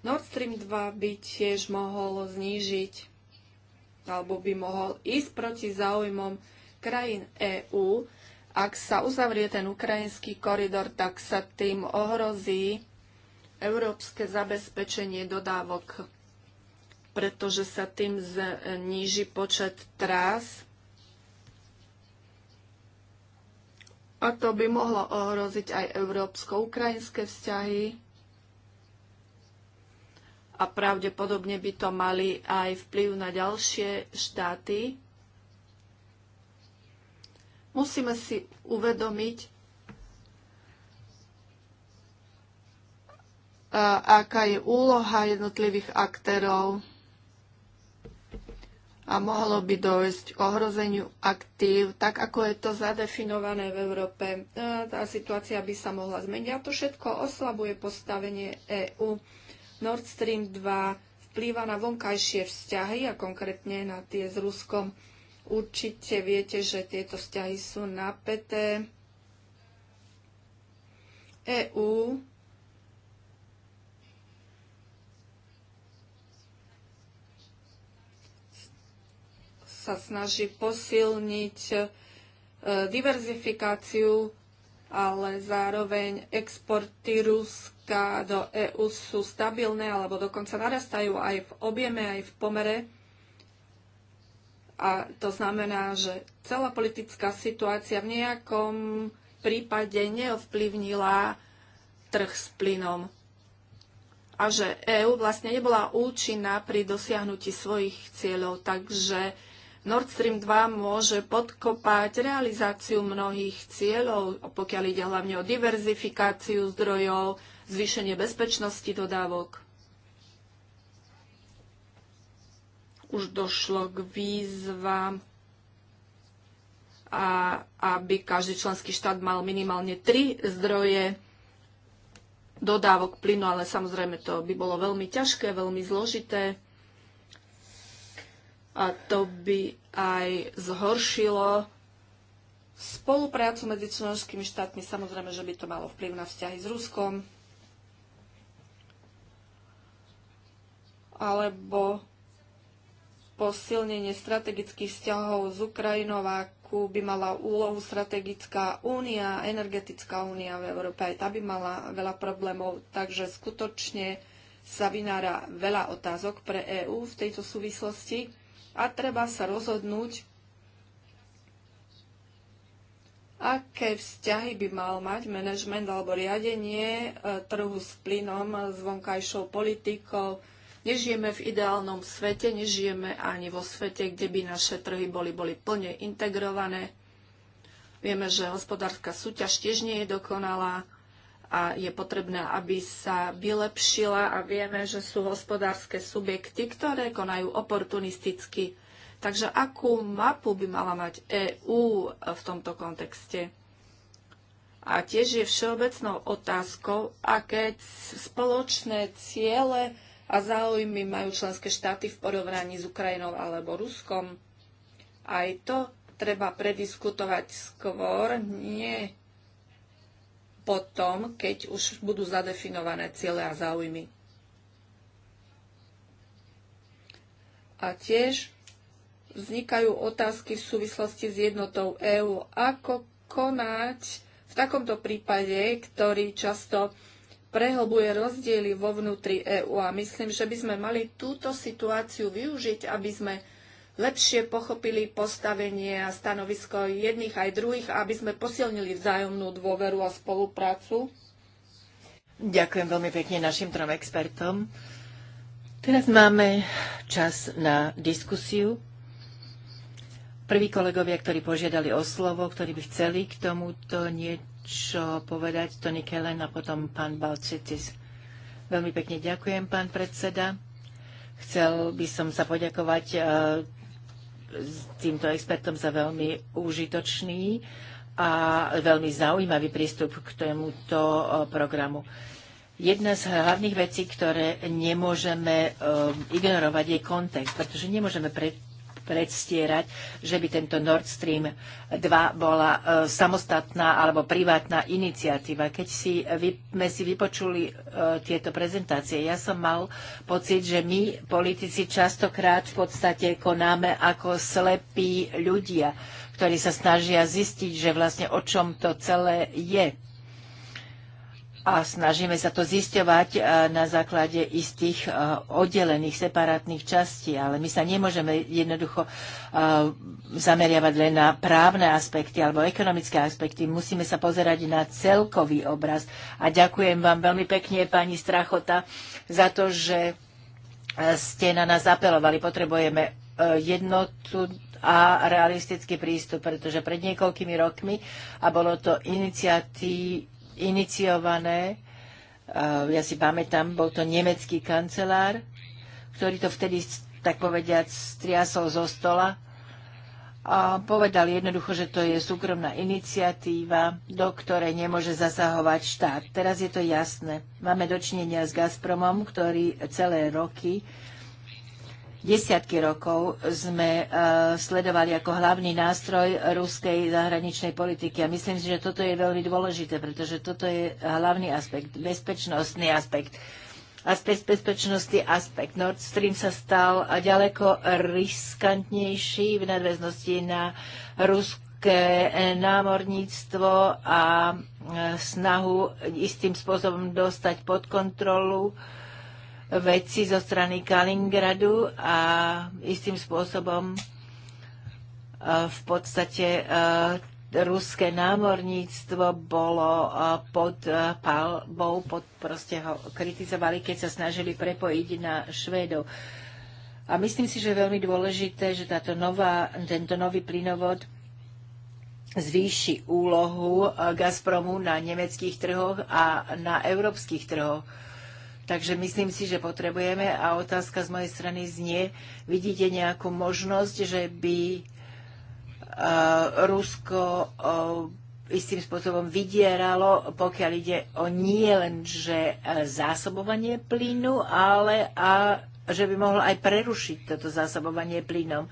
Nord Stream 2 by tiež mohol znížiť alebo by mohol ísť proti záujmom krajín EÚ ak sa uzavrie ten ukrajinský koridor, tak sa tým ohrozí európske zabezpečenie dodávok, pretože sa tým zníži počet trás a to by mohlo ohroziť aj európsko-ukrajinské vzťahy a pravdepodobne by to mali aj vplyv na ďalšie štáty, Musíme si uvedomiť, aká je úloha jednotlivých aktérov a mohlo by dojsť k ohrozeniu aktív, tak ako je to zadefinované v Európe. Tá situácia by sa mohla zmeniť a to všetko oslabuje postavenie EÚ. Nord Stream 2 vplýva na vonkajšie vzťahy a konkrétne na tie s Ruskom. Určite viete, že tieto vzťahy sú napäté. EÚ sa snaží posilniť e, diverzifikáciu, ale zároveň exporty Ruska do EÚ sú stabilné alebo dokonca narastajú aj v objeme, aj v pomere. A to znamená, že celá politická situácia v nejakom prípade neovplyvnila trh s plynom. A že EÚ vlastne nebola účinná pri dosiahnutí svojich cieľov, takže Nord Stream 2 môže podkopať realizáciu mnohých cieľov, pokiaľ ide hlavne o diverzifikáciu zdrojov, zvýšenie bezpečnosti dodávok. už došlo k výzvam, a aby každý členský štát mal minimálne tri zdroje dodávok plynu, ale samozrejme to by bolo veľmi ťažké, veľmi zložité a to by aj zhoršilo spoluprácu medzi členskými štátmi. Samozrejme, že by to malo vplyv na vzťahy s Ruskom. Alebo posilnenie strategických vzťahov s Ukrajinou, akú by mala úlohu strategická únia, energetická únia v Európe, aj tá by mala veľa problémov, takže skutočne sa vynára veľa otázok pre EÚ v tejto súvislosti a treba sa rozhodnúť, aké vzťahy by mal mať manažment alebo riadenie eh, trhu s plynom, s vonkajšou politikou, Nežijeme v ideálnom svete, nežijeme ani vo svete, kde by naše trhy boli, boli plne integrované. Vieme, že hospodárska súťaž tiež nie je dokonalá a je potrebné, aby sa vylepšila a vieme, že sú hospodárske subjekty, ktoré konajú oportunisticky. Takže akú mapu by mala mať EÚ v tomto kontexte? A tiež je všeobecnou otázkou, aké spoločné ciele a záujmy majú členské štáty v porovnaní s Ukrajinou alebo Ruskom. Aj to treba prediskutovať skôr, nie potom, keď už budú zadefinované ciele a záujmy. A tiež vznikajú otázky v súvislosti s jednotou EÚ. Ako konať v takomto prípade, ktorý často prehlbuje rozdiely vo vnútri EÚ a myslím, že by sme mali túto situáciu využiť, aby sme lepšie pochopili postavenie a stanovisko jedných aj druhých, aby sme posilnili vzájomnú dôveru a spoluprácu. Ďakujem veľmi pekne našim trom expertom. Teraz máme čas na diskusiu. Prví kolegovia, ktorí požiadali o slovo, ktorí by chceli k tomuto niečo čo povedať. Tony Kellen a potom pán Balcetis. Veľmi pekne ďakujem, pán predseda. Chcel by som sa poďakovať e, týmto expertom za veľmi užitočný a veľmi zaujímavý prístup k tomuto e, programu. Jedna z hlavných vecí, ktoré nemôžeme e, ignorovať, je kontext, pretože nemôžeme pre, predstierať, že by tento Nord Stream 2 bola e, samostatná alebo privátna iniciatíva. Keď si, vy, sme si vypočuli e, tieto prezentácie, ja som mal pocit, že my, politici, častokrát v podstate konáme ako slepí ľudia, ktorí sa snažia zistiť, že vlastne o čom to celé je a snažíme sa to zisťovať e, na základe istých e, oddelených, separátnych častí, ale my sa nemôžeme jednoducho e, zameriavať len na právne aspekty alebo ekonomické aspekty. Musíme sa pozerať na celkový obraz. A ďakujem vám veľmi pekne, pani Strachota, za to, že ste na nás apelovali. Potrebujeme jednotu a realistický prístup, pretože pred niekoľkými rokmi, a bolo to iniciatí, iniciované. Ja si pamätám, bol to nemecký kancelár, ktorý to vtedy, tak povediať, striasol zo stola a povedal jednoducho, že to je súkromná iniciatíva, do ktorej nemôže zasahovať štát. Teraz je to jasné. Máme dočinenia s Gazpromom, ktorý celé roky Desiatky rokov sme e, sledovali ako hlavný nástroj ruskej zahraničnej politiky a myslím si, že toto je veľmi dôležité, pretože toto je hlavný aspekt, bezpečnostný aspekt. Aspekt bezpečnosti, aspekt Nord Stream sa stal ďaleko riskantnejší v nadväznosti na Rusko e, námorníctvo a e, snahu istým spôsobom dostať pod kontrolu veci zo strany Kalingradu a istým spôsobom e, v podstate e, ruské námorníctvo bolo e, pod palbou, pod, proste ho kritizovali, keď sa snažili prepojiť na Švédov. A myslím si, že je veľmi dôležité, že táto nová, tento nový plynovod zvýši úlohu Gazpromu na nemeckých trhoch a na európskych trhoch. Takže myslím si, že potrebujeme a otázka z mojej strany znie, vidíte nejakú možnosť, že by e, Rusko e, istým spôsobom vydieralo, pokiaľ ide o nie len, že e, zásobovanie plynu, ale a že by mohlo aj prerušiť toto zásobovanie plynom.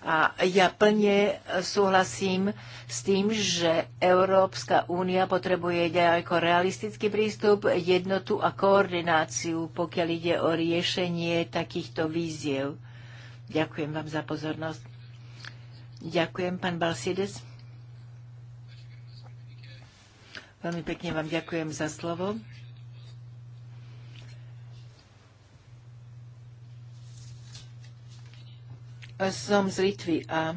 A ja plne súhlasím s tým, že Európska únia potrebuje ďaleko realistický prístup, jednotu a koordináciu, pokiaľ ide o riešenie takýchto víziev. Ďakujem vám za pozornosť. Ďakujem, pán Balsides. Veľmi pekne vám ďakujem za slovo. Som z Litvy a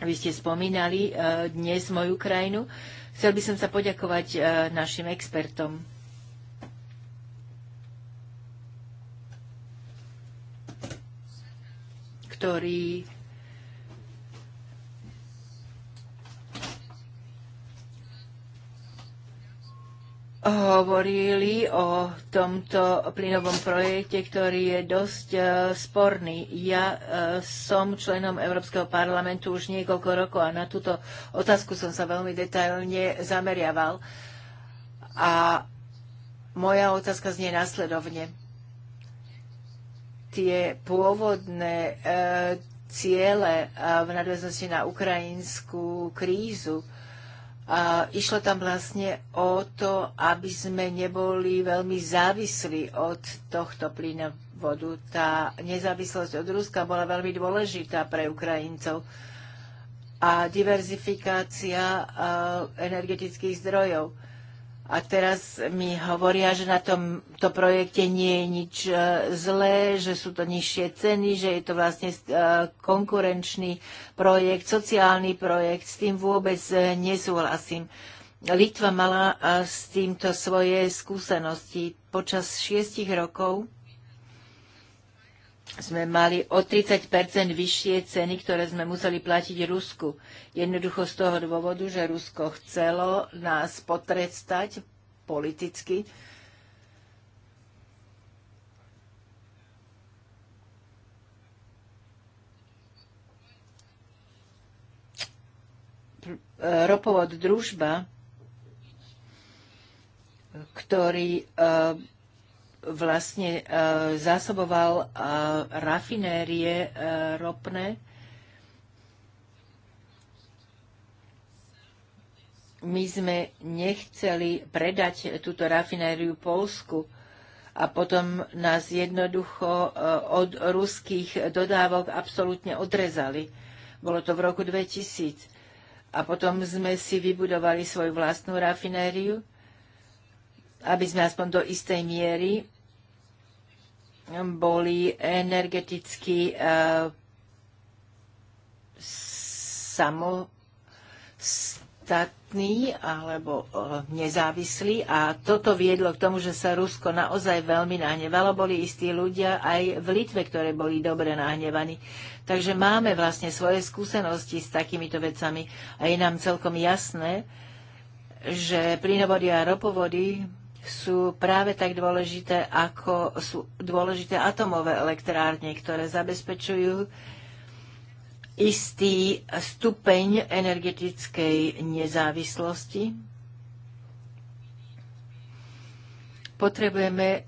vy ste spomínali eh, dnes moju krajinu. Chcel by som sa poďakovať eh, našim expertom. ktorí hovorili o tomto plynovom projekte, ktorý je dosť uh, sporný. Ja uh, som členom Európskeho parlamentu už niekoľko rokov a na túto otázku som sa veľmi detailne zameriaval. A moja otázka znie následovne. Tie pôvodné uh, ciele v nadväznosti na ukrajinskú krízu, a išlo tam vlastne o to, aby sme neboli veľmi závislí od tohto vodu. Tá nezávislosť od Ruska bola veľmi dôležitá pre Ukrajincov a diverzifikácia energetických zdrojov. A teraz mi hovoria, že na tomto projekte nie je nič e, zlé, že sú to nižšie ceny, že je to vlastne e, konkurenčný projekt, sociálny projekt. S tým vôbec e, nesúhlasím. Litva mala s týmto svoje skúsenosti. Počas šiestich rokov sme mali o 30 vyššie ceny, ktoré sme museli platiť Rusku. Jednoducho z toho dôvodu, že Rusko chcelo nás potrestať politicky. Ropovod družba, ktorý eh, vlastne e, zásoboval e, rafinérie e, ropné. My sme nechceli predať túto rafinériu Polsku a potom nás jednoducho od ruských dodávok absolútne odrezali. Bolo to v roku 2000. A potom sme si vybudovali svoju vlastnú rafinériu, aby sme aspoň do istej miery boli energeticky e, samostatní alebo e, nezávislí a toto viedlo k tomu, že sa Rusko naozaj veľmi nahnevalo. Boli istí ľudia aj v Litve, ktoré boli dobre nahnevaní. Takže máme vlastne svoje skúsenosti s takýmito vecami a je nám celkom jasné, že plynovody a ropovody sú práve tak dôležité, ako sú dôležité atomové elektrárne, ktoré zabezpečujú istý stupeň energetickej nezávislosti. Potrebujeme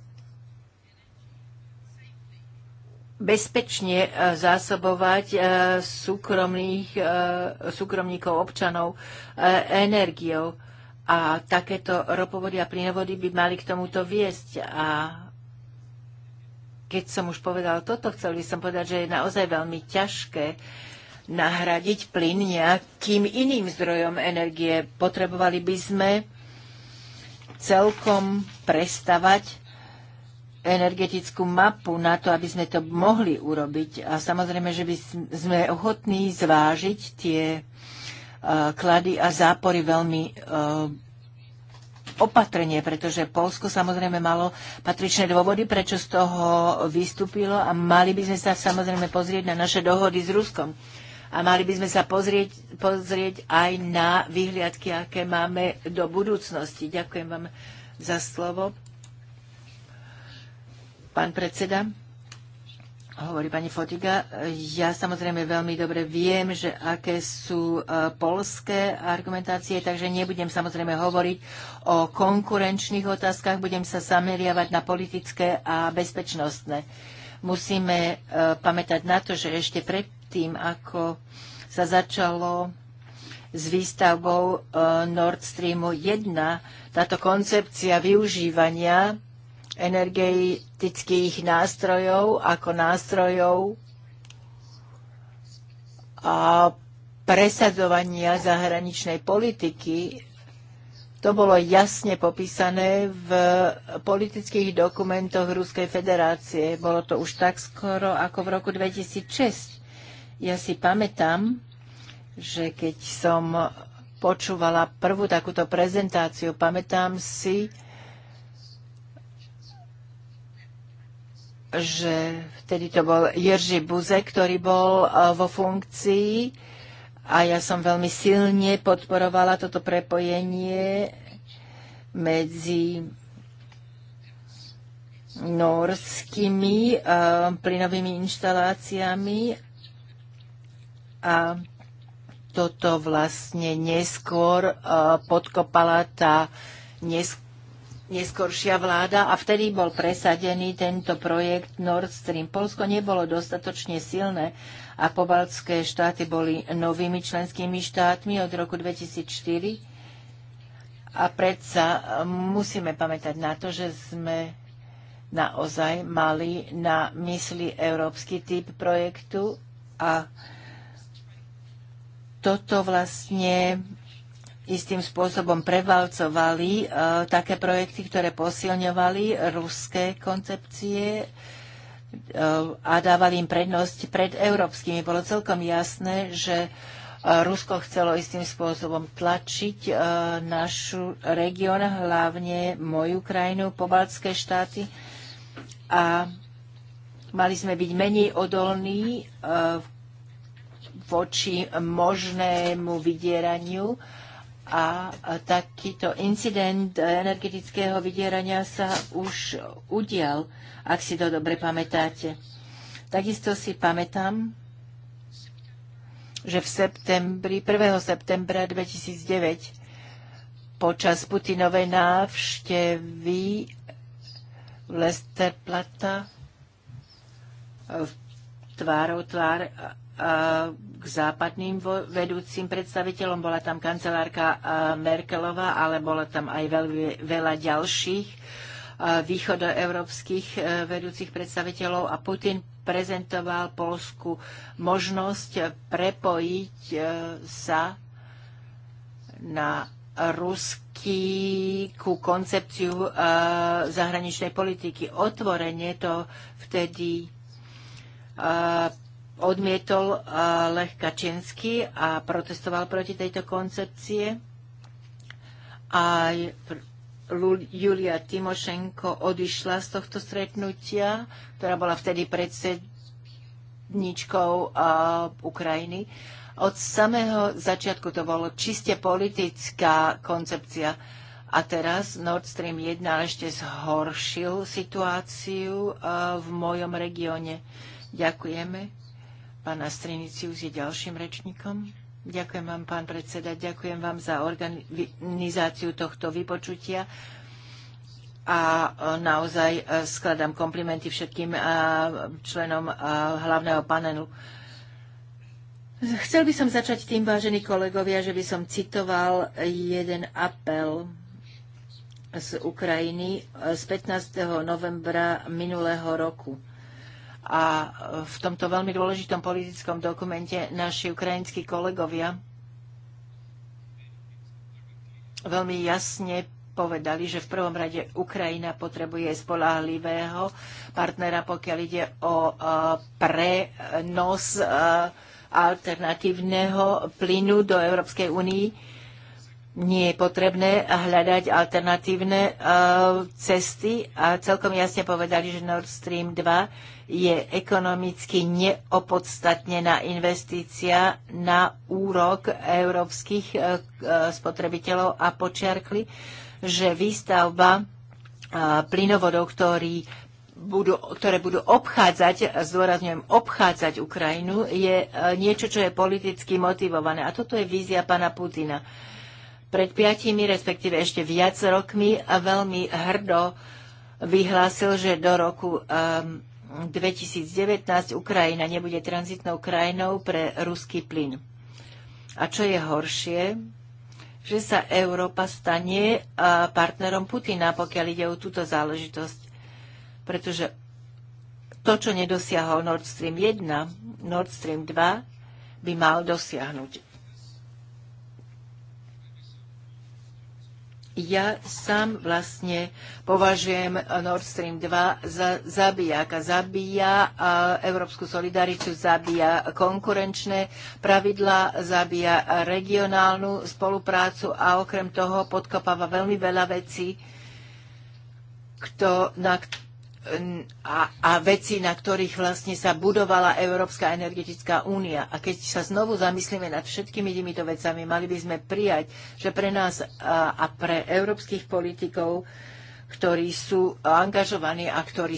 bezpečne e, zásobovať e, súkromných, e, súkromníkov občanov energiou. A takéto ropovody a plynovody by mali k tomuto viesť. A keď som už povedal toto, chcel by som povedať, že je naozaj veľmi ťažké nahradiť plyn nejakým iným zdrojom energie. Potrebovali by sme celkom prestavať energetickú mapu na to, aby sme to mohli urobiť. A samozrejme, že by sme ochotní zvážiť tie Eh, klady a zápory veľmi eh, opatrenie, pretože Polsko samozrejme malo patričné dôvody, prečo z toho vystúpilo a mali by sme sa samozrejme pozrieť na naše dohody s Ruskom. A mali by sme sa pozrieť, pozrieť aj na vyhliadky, aké máme do budúcnosti. Ďakujem vám za slovo. Pán predseda hovorí pani Fotiga. Ja samozrejme veľmi dobre viem, že aké sú e, polské argumentácie, takže nebudem samozrejme hovoriť o konkurenčných otázkach, budem sa zameriavať na politické a bezpečnostné. Musíme e, pamätať na to, že ešte predtým, ako sa začalo s výstavbou e, Nord Streamu 1, táto koncepcia využívania energetických nástrojov ako nástrojov a presadzovania zahraničnej politiky. To bolo jasne popísané v politických dokumentoch Ruskej federácie. Bolo to už tak skoro ako v roku 2006. Ja si pamätám, že keď som počúvala prvú takúto prezentáciu, pamätám si, že vtedy to bol Jerzy Buze, ktorý bol e, vo funkcii a ja som veľmi silne podporovala toto prepojenie medzi norskými e, plynovými inštaláciami a toto vlastne neskôr e, podkopala tá neskôr neskoršia vláda a vtedy bol presadený tento projekt Nord Stream. Polsko nebolo dostatočne silné a pobaltské štáty boli novými členskými štátmi od roku 2004. A predsa eh, musíme pamätať na to, že sme naozaj mali na mysli európsky typ projektu a toto vlastne istým spôsobom prevalcovali e, také projekty, ktoré posilňovali ruské koncepcie e, a dávali im prednosť pred európskymi. Bolo celkom jasné, že e, Rusko chcelo istým spôsobom tlačiť e, našu región, hlavne moju krajinu, pobaltské štáty. A mali sme byť menej odolní e, voči možnému vydieraniu a takýto incident energetického vydierania sa už udial, ak si to dobre pamätáte. Takisto si pamätám, že v septembri, 1. septembra 2009 počas Putinovej návštevy v Lesterplata v tvárou tvár k západným vedúcim predstaviteľom. Bola tam kancelárka Merkelová, ale bola tam aj veľa ďalších východoeurópskych e, vedúcich predstaviteľov a Putin prezentoval Polsku možnosť prepojiť e, sa na ruský ku koncepciu e, zahraničnej politiky. Otvorenie to vtedy odmietol eh, Lech Kačenský a protestoval proti tejto koncepcie. Aj Julia Timošenko odišla z tohto stretnutia, ktorá bola vtedy predsedničkou eh, Ukrajiny. Od samého začiatku to bolo čiste politická koncepcia. A teraz Nord Stream 1 ešte zhoršil situáciu eh, v mojom regióne. Ďakujeme. Pána Strinicius je ďalším rečníkom. Ďakujem vám, pán predseda, ďakujem vám za organizáciu tohto vypočutia a e, naozaj e, skladám komplimenty všetkým e, členom hlavného panelu. Chcel by som začať tým, vážení kolegovia, že by som citoval jeden apel z Ukrajiny z 15. novembra minulého roku. A e, v tomto veľmi dôležitom politickom dokumente naši ukrajinskí kolegovia veľmi jasne povedali, že v prvom rade Ukrajina potrebuje spolahlivého partnera, pokiaľ ide o e, prenos e, alternatívneho plynu do Európskej únii. Nie je potrebné hľadať alternatívne cesty a celkom jasne povedali, že Nord Stream 2 je ekonomicky neopodstatnená investícia na úrok európskych e, e, spotrebiteľov a počiarkli, že výstavba e, plynovodov, ktorý budú, ktoré budú obchádzať, zdôrazňujem, obchádzať Ukrajinu, je niečo, čo je politicky motivované. A toto je vízia pána Putina. Pred piatimi, respektíve ešte viac rokmi a veľmi hrdo vyhlásil, že do roku um, 2019 Ukrajina nebude tranzitnou krajinou pre ruský plyn. A čo je horšie, že sa Európa stane partnerom Putina, pokiaľ ide o túto záležitosť. Pretože to, čo nedosiahol Nord Stream 1, Nord Stream 2 by mal dosiahnuť. Ja sám vlastne považujem Nord Stream 2 za zabijáka. Zabíja európsku solidaritu, zabíja konkurenčné pravidla, zabíja regionálnu spoluprácu a okrem toho podkopáva veľmi veľa vecí, kto, na a, a veci, na ktorých vlastne sa budovala Európska energetická únia. A keď sa znovu zamyslíme nad všetkými týmito vecami, mali by sme prijať, že pre nás a, a pre európskych politikov, ktorí sú angažovaní a ktorí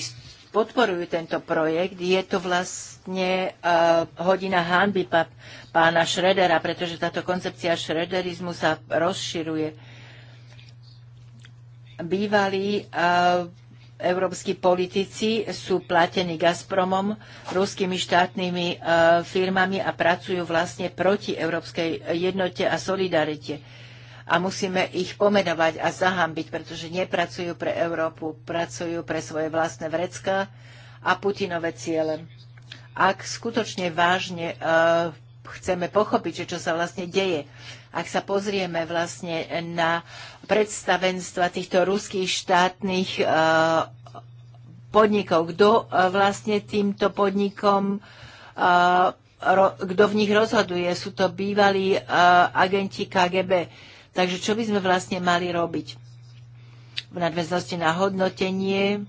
podporujú tento projekt, je to vlastne a, e, hodina hanby pána Šredera, pretože táto koncepcia šrederizmu sa rozširuje. Bývalý a, e, európsky politici sú platení Gazpromom, ruskými štátnymi e, firmami a pracujú vlastne proti európskej jednote a solidarite. A musíme ich pomenovať a zahambiť, pretože nepracujú pre Európu, pracujú pre svoje vlastné vrecka a Putinové ciele. Ak skutočne vážne e, chceme pochopiť, že čo sa vlastne deje, ak sa pozrieme vlastne na predstavenstva týchto ruských štátnych eh, podnikov. Kto eh, vlastne týmto podnikom eh, kto v nich rozhoduje. Sú to bývalí agenti KGB. Takže čo by sme vlastne mali robiť? V nadväznosti na hodnotenie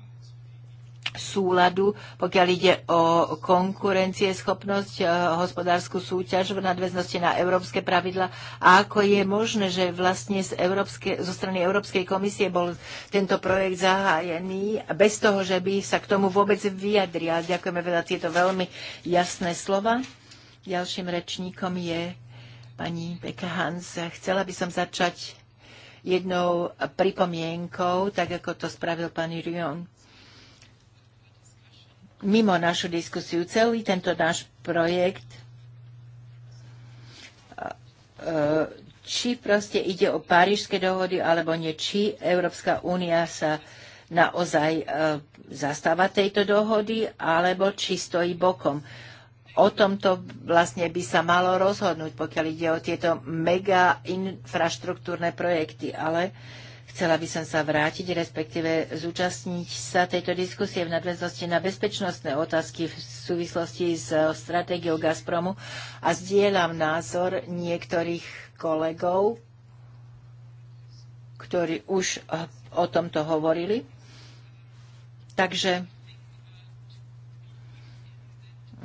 súladu, pokiaľ ide o konkurencieschopnosť, eh, hospodárskú súťaž v nadväznosti na európske pravidla a ako je možné, že vlastne z Európske, zo strany Európskej komisie bol tento projekt zahájený bez toho, že by sa k tomu vôbec vyjadria. Ďakujeme veľa tieto veľmi jasné slova. Ďalším rečníkom je pani Beka Hans. Chcela by som začať jednou pripomienkou, tak ako to spravil pani Rion mimo našu diskusiu. Celý tento náš projekt, e, či proste ide o parížske dohody alebo nie, či Európska únia sa naozaj e, zastáva tejto dohody alebo či stojí bokom. O tomto vlastne by sa malo rozhodnúť, pokiaľ ide o tieto mega infraštruktúrne projekty, ale uh, Chcela by som sa vrátiť, respektíve zúčastniť sa tejto diskusie v nadväznosti na bezpečnostné otázky v súvislosti s eh, stratégiou Gazpromu a zdieľam názor niektorých kolegov, ktorí už eh, o tomto hovorili. Takže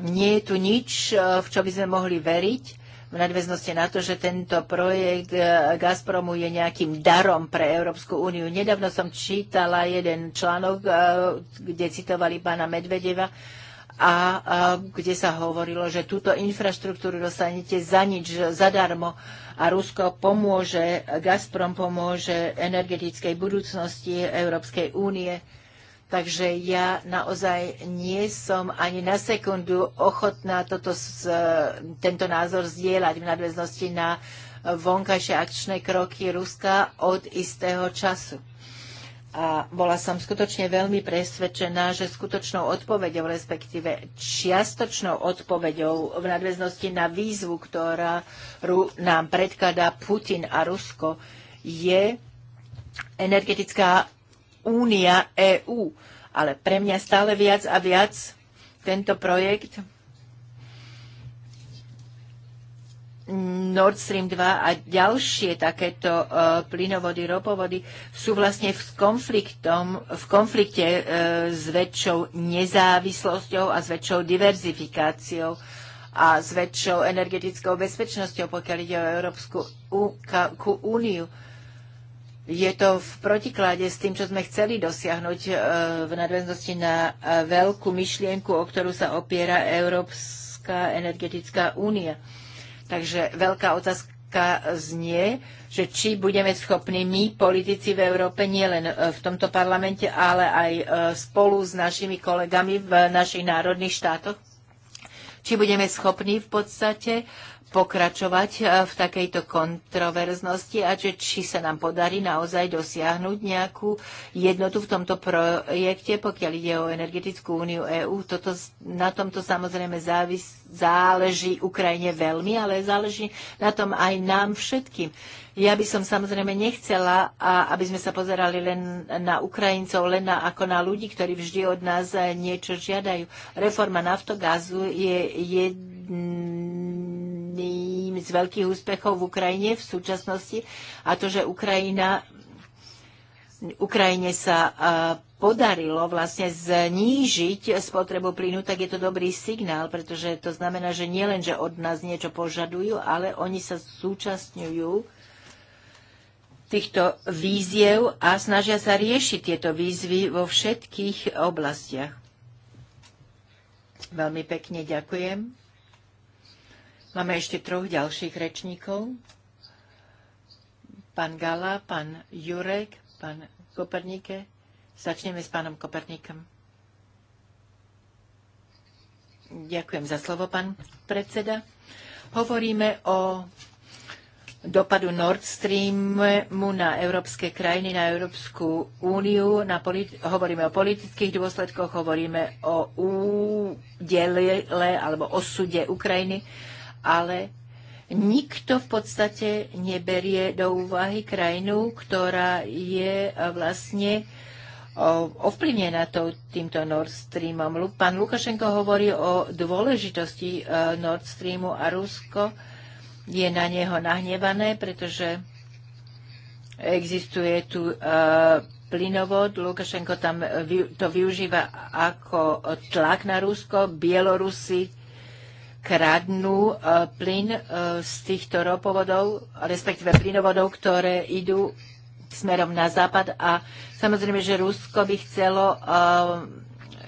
nie je tu nič, eh, v čo by sme mohli veriť v nadväznosti na to, že tento projekt e, Gazpromu je nejakým darom pre Európsku úniu. Nedávno som čítala jeden článok, e, kde citovali pána Medvedeva, a, a e, kde sa hovorilo, že túto infraštruktúru dostanete za nič, zadarmo a Rusko pomôže, Gazprom pomôže energetickej budúcnosti Európskej únie Takže ja naozaj nie som ani na sekundu ochotná toto, tento názor zdieľať v nadväznosti na vonkajšie akčné kroky Ruska od istého času. A bola som skutočne veľmi presvedčená, že skutočnou odpoveďou, respektíve čiastočnou odpoveďou v nadväznosti na výzvu, ktorá nám predkladá Putin a Rusko, je energetická Únia EÚ. Ale pre mňa stále viac a viac tento projekt Nord Stream 2 a ďalšie takéto uh, plynovody, ropovody sú vlastne v, konfliktom, v konflikte uh, s väčšou nezávislosťou a s väčšou diverzifikáciou a s väčšou energetickou bezpečnosťou, pokiaľ ide o Európsku úniu. Uh, je to v protiklade s tým, čo sme chceli dosiahnuť e, v nadväznosti na e, veľkú myšlienku, o ktorú sa opiera Európska energetická únia. Takže veľká otázka znie, že či budeme schopní my, politici v Európe, nielen e, v tomto parlamente, ale aj spolu s našimi kolegami v našich národných štátoch, či budeme schopní v podstate uh, pokračovať e, v takejto kontroverznosti a že či sa nám podarí naozaj dosiahnuť nejakú jednotu v tomto projekte, pokiaľ ide o energetickú úniu EÚ. Toto, na tomto samozrejme závis, záleží Ukrajine veľmi, ale záleží na tom aj nám všetkým. Ja by som samozrejme nechcela, aby sme sa pozerali len na Ukrajincov, len na, ako na ľudí, ktorí vždy od nás e, niečo žiadajú. Reforma naftogázu je jedna z veľkých úspechov v Ukrajine v súčasnosti a to, že Ukrajina, Ukrajine sa podarilo vlastne znížiť spotrebu plynu, tak je to dobrý signál, pretože to znamená, že nielen, že od nás niečo požadujú, ale oni sa zúčastňujú týchto víziev a snažia sa riešiť tieto výzvy vo všetkých oblastiach. Veľmi pekne ďakujem. Máme ešte troch ďalších rečníkov. Pán Gala, pán Jurek, pán Kopernike. Začneme s pánom Kopernikom. Ďakujem za slovo, pán predseda. Hovoríme o dopadu Nord Streamu na európske krajiny, na Európsku úniu. Na hovoríme o politických dôsledkoch, hovoríme o údele alebo osude Ukrajiny ale nikto v podstate neberie do úvahy krajinu, ktorá je eh, vlastne ovplyvnená týmto Nord Streamom. Pán Lukašenko hovorí o dôležitosti eh, Nord Streamu a Rusko je na neho nahnevané, pretože existuje tu eh, plynovod. Lukašenko tam to využíva ako tlak na Rusko. Bielorusi kradnú e, plyn e, z týchto ropovodov, respektíve plynovodov, ktoré idú smerom na západ a samozrejme, že Rusko by chcelo e,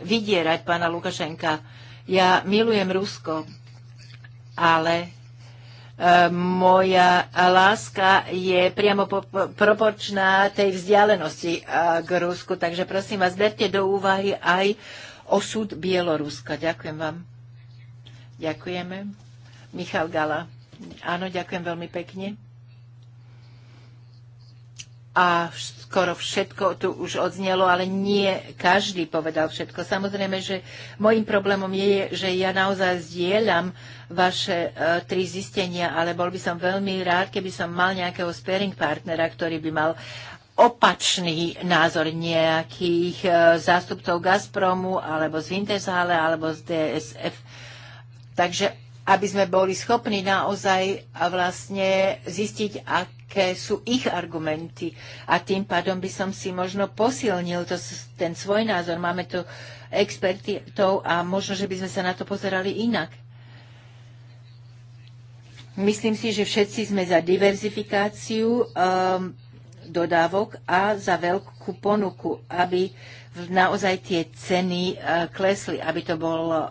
vydierať pána Lukašenka. Ja milujem Rusko, ale moja láska je priamo proporčná tej vzdialenosti k Rusku. Takže prosím vás, berte do úvahy aj osud Bieloruska. Ďakujem vám. Ďakujeme. Michal Gala. Áno, ďakujem veľmi pekne. A skoro všetko tu už odznelo, ale nie každý povedal všetko. Samozrejme, že môjim problémom je, že ja naozaj zdieľam vaše uh, tri zistenia, ale bol by som veľmi rád, keby som mal nejakého sparing partnera, ktorý by mal opačný názor nejakých uh, zástupcov Gazpromu alebo z Wintershale alebo z DSF Takže aby sme boli schopní naozaj vlastne zistiť, aké sú ich argumenty. A tým pádom by som si možno posilnil to, ten svoj názor. Máme tu expertov a možno, že by sme sa na to pozerali inak. Myslím si, že všetci sme za diverzifikáciu um, dodávok a za veľkú ponuku, aby naozaj tie ceny e, klesli, aby to bolo e,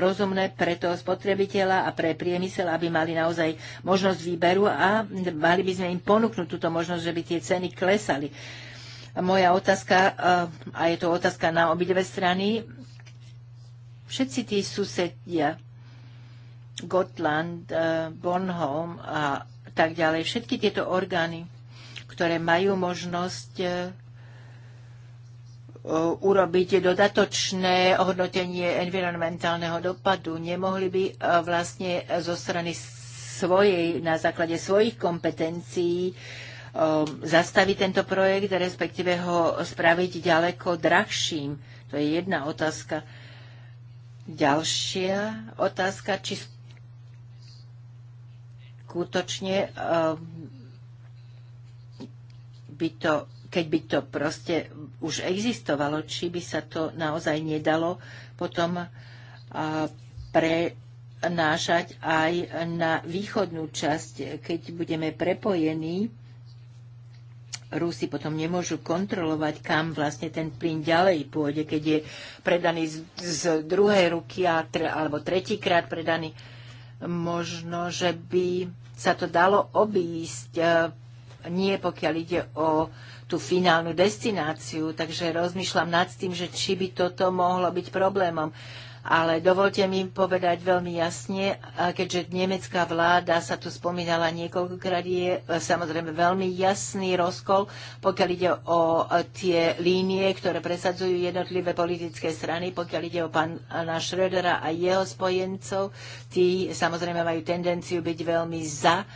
rozumné pre toho spotrebiteľa a pre priemysel, aby mali naozaj možnosť výberu a mali by sme im ponúknuť túto možnosť, že by tie ceny klesali. Moja otázka, e, a je to otázka na obidve strany, všetci tí susedia, Gotland, Bornholm a tak ďalej, všetky tieto orgány, ktoré majú možnosť Eh, urobiť dodatočné hodnotenie environmentálneho dopadu. Nemohli by eh, vlastne zo strany svojej, na základe svojich kompetencií eh, zastaviť tento projekt, respektíve ho spraviť ďaleko drahším. To je jedna otázka. Ďalšia otázka, či skutočne by to, keď by to proste už existovalo, či by sa to naozaj nedalo potom prenášať aj na východnú časť, keď budeme prepojení. Rusi potom nemôžu kontrolovať, kam vlastne ten plyn ďalej pôjde, keď je predaný z, z druhej ruky a tre, alebo tretíkrát predaný. Možno, že by sa to dalo obísť, nie pokiaľ ide o tú finálnu destináciu, takže rozmýšľam nad tým, že či by toto mohlo byť problémom. Ale dovolte mi povedať veľmi jasne, keďže nemecká vláda sa tu spomínala niekoľkokrát, je samozrejme veľmi jasný rozkol, pokiaľ ide o tie línie, ktoré presadzujú jednotlivé politické strany, pokiaľ ide o pána Schrödera a jeho spojencov, tí samozrejme majú tendenciu byť veľmi za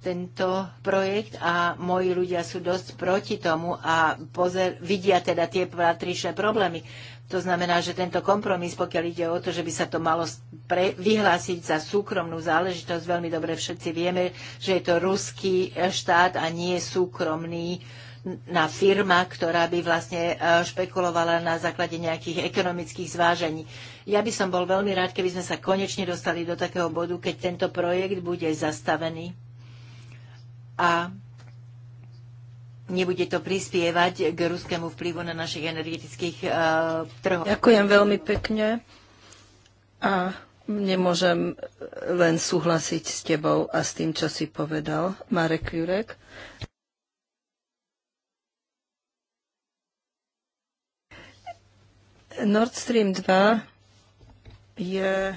tento projekt a moji ľudia sú dosť proti tomu a pozer, vidia teda tie patričné problémy. To znamená, že tento kompromis, pokiaľ ide o to, že by sa to malo pre, vyhlásiť za súkromnú záležitosť, veľmi dobre všetci vieme, že je to ruský e, štát a nie súkromný na firma, ktorá by vlastne e, špekulovala na základe nejakých ekonomických zvážení. Ja by som bol veľmi rád, keby sme sa konečne dostali do takého bodu, keď tento projekt bude zastavený a nebude to prispievať k ruskému vplyvu na našich energetických uh, trhoch. Ďakujem veľmi pekne a nemôžem len súhlasiť s tebou a s tým, čo si povedal, Marek Jurek. Nord Stream 2 je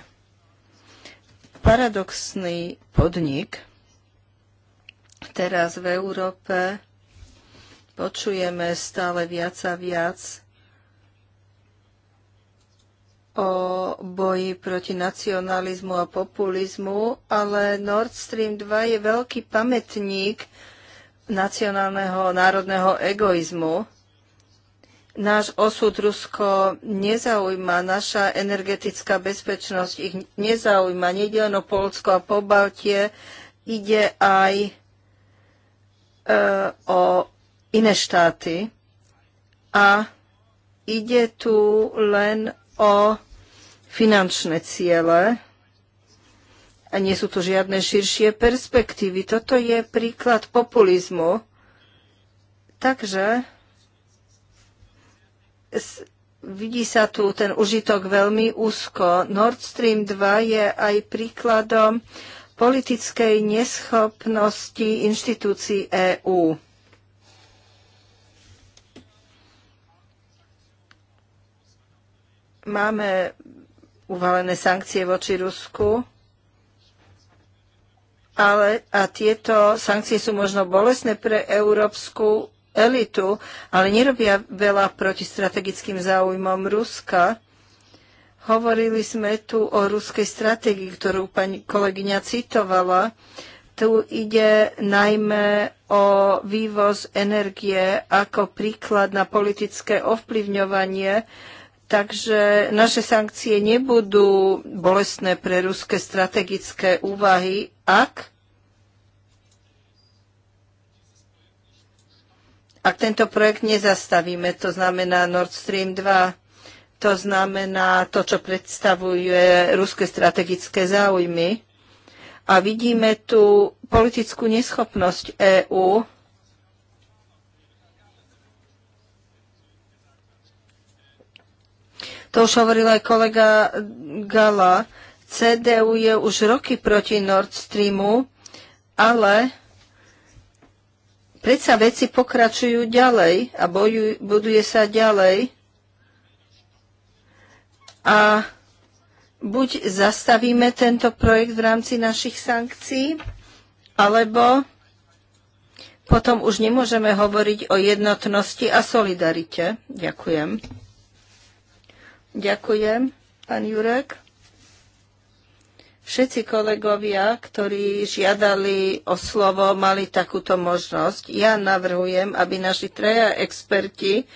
paradoxný podnik, Teraz v Európe počujeme stále viac a viac o boji proti nacionalizmu a populizmu, ale Nord Stream 2 je veľký pamätník nacionálneho národného egoizmu. Náš osud Rusko nezaujíma, naša energetická bezpečnosť ich nezaujíma. Nejde len o Polsko a Pobaltie, ide aj E, o iné štáty a ide tu len o finančné ciele a nie sú tu žiadne širšie perspektívy. Toto je príklad populizmu. Takže vidí sa tu ten užitok veľmi úzko. Nord Stream 2 je aj príkladom politickej neschopnosti inštitúcií EÚ. Máme uvalené sankcie voči Rusku, ale a tieto sankcie sú možno bolestné pre európsku elitu, ale nerobia veľa proti strategickým záujmom Ruska. Hovorili sme tu o ruskej stratégii, ktorú pani kolegyňa citovala. Tu ide najmä o vývoz energie ako príklad na politické ovplyvňovanie, takže naše sankcie nebudú bolestné pre ruské strategické úvahy, ak ak tento projekt nezastavíme, to znamená Nord Stream 2 to znamená to, čo predstavuje ruské strategické záujmy. A vidíme tu politickú neschopnosť EÚ To už hovoril aj kolega Gala. CDU je už roky proti Nord Streamu, ale predsa veci pokračujú ďalej a bojuj, buduje sa ďalej a buď zastavíme tento projekt v rámci našich sankcií, alebo potom už nemôžeme hovoriť o jednotnosti a solidarite. Ďakujem. Ďakujem, pán Jurek. Všetci kolegovia, ktorí žiadali o slovo, mali takúto možnosť. Ja navrhujem, aby naši treja experti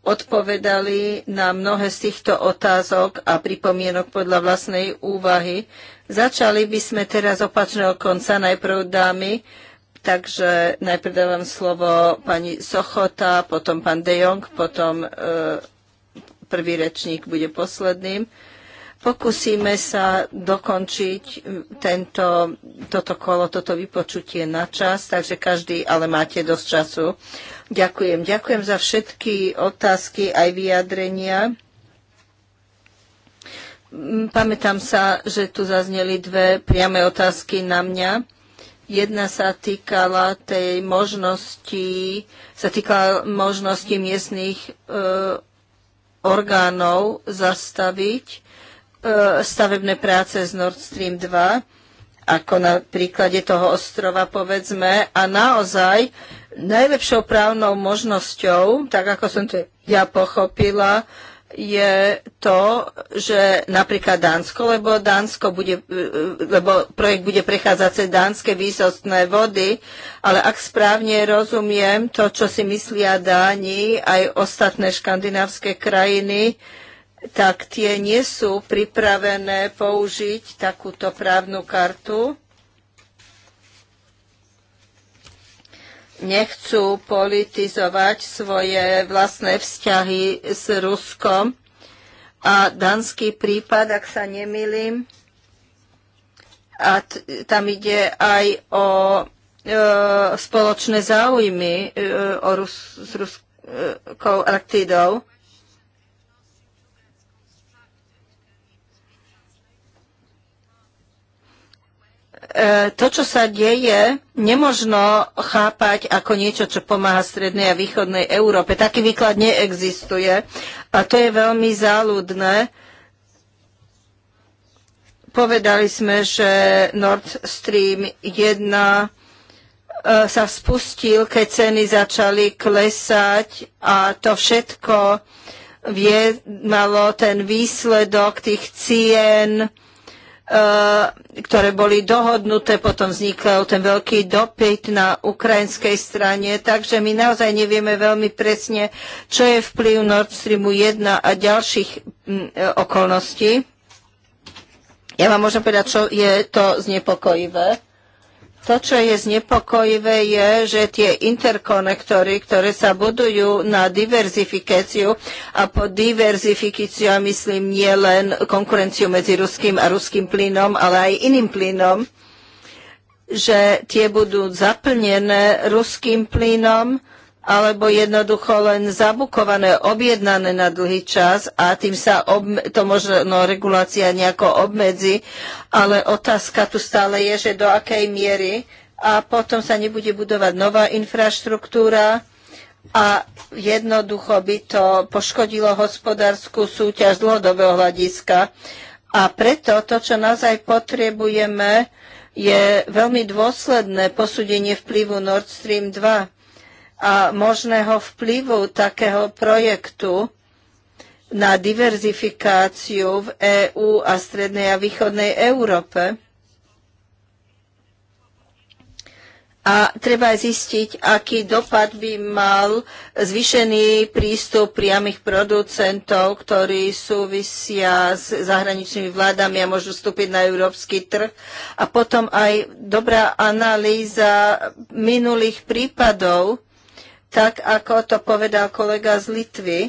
odpovedali na mnohé z týchto otázok a pripomienok podľa vlastnej úvahy. Začali by sme teraz opačného konca, najprv dámy, takže najprv dávam slovo pani Sochota, potom pán De Jong, potom e, prvý rečník bude posledným. E, Pokúsime sa dokončiť eh, tento, toto kolo, toto vypočutie na čas, takže každý, ale máte dosť času. Ďakujem. Ďakujem za všetky otázky aj vyjadrenia. Mm, pamätám sa, že tu zazneli dve priame otázky na mňa. Jedna sa týkala tej možnosti, sa týkala možnosti miestných e, orgánov zastaviť E, stavebné práce z Nord Stream 2, ako na príklade toho ostrova povedzme. A naozaj najlepšou právnou možnosťou, tak ako som to ja pochopila, je to, že napríklad Dánsko, lebo Dánsko bude, e, lebo projekt bude prechádzať cez dánske výsostné vody, ale ak správne rozumiem to, čo si myslia Dáni, aj ostatné škandinávské krajiny, tak tie nie sú pripravené použiť takúto právnu kartu. Nechcú politizovať svoje vlastné vzťahy s Ruskom. A danský prípad, ak sa nemýlim, a tam ide aj o e, spoločné záujmy e, o Rus- s Ruskou e, aktidou. E, to, čo sa deje, nemožno chápať ako niečo, čo pomáha strednej a východnej Európe. Taký výklad neexistuje a to je veľmi záľudné. Povedali sme, že Nord Stream 1 e, sa spustil, keď ceny začali klesať a to všetko vie, malo ten výsledok tých cien, E, ktoré boli dohodnuté, potom vznikol ten veľký dopyt na ukrajinskej strane, takže my naozaj nevieme veľmi presne, čo je vplyv Nord Streamu 1 a ďalších e, okolností. Ja vám môžem povedať, čo je to znepokojivé. To, čo je znepokojivé, je, že tie interkonektory, ktoré sa budujú na diverzifikáciu a po diverzifikáciu, ja myslím, nie len konkurenciu medzi ruským a ruským plynom, ale aj iným plynom, že tie budú zaplnené ruským plynom alebo jednoducho len zabukované, objednané na dlhý čas a tým sa obme- to možno no, regulácia nejako obmedzi, ale otázka tu stále je, že do akej miery a potom sa nebude budovať nová infraštruktúra a jednoducho by to poškodilo hospodárskú súťaž dlhodobého hľadiska. A preto to, čo naozaj potrebujeme, je veľmi dôsledné posúdenie vplyvu Nord Stream 2 a možného vplyvu takého projektu na diverzifikáciu v EÚ a strednej a východnej Európe. A treba zistiť, aký dopad by mal zvýšený prístup priamých producentov, ktorí súvisia s zahraničnými vládami a môžu vstúpiť na európsky trh. A potom aj dobrá analýza minulých prípadov, tak ako to povedal kolega z Litvy.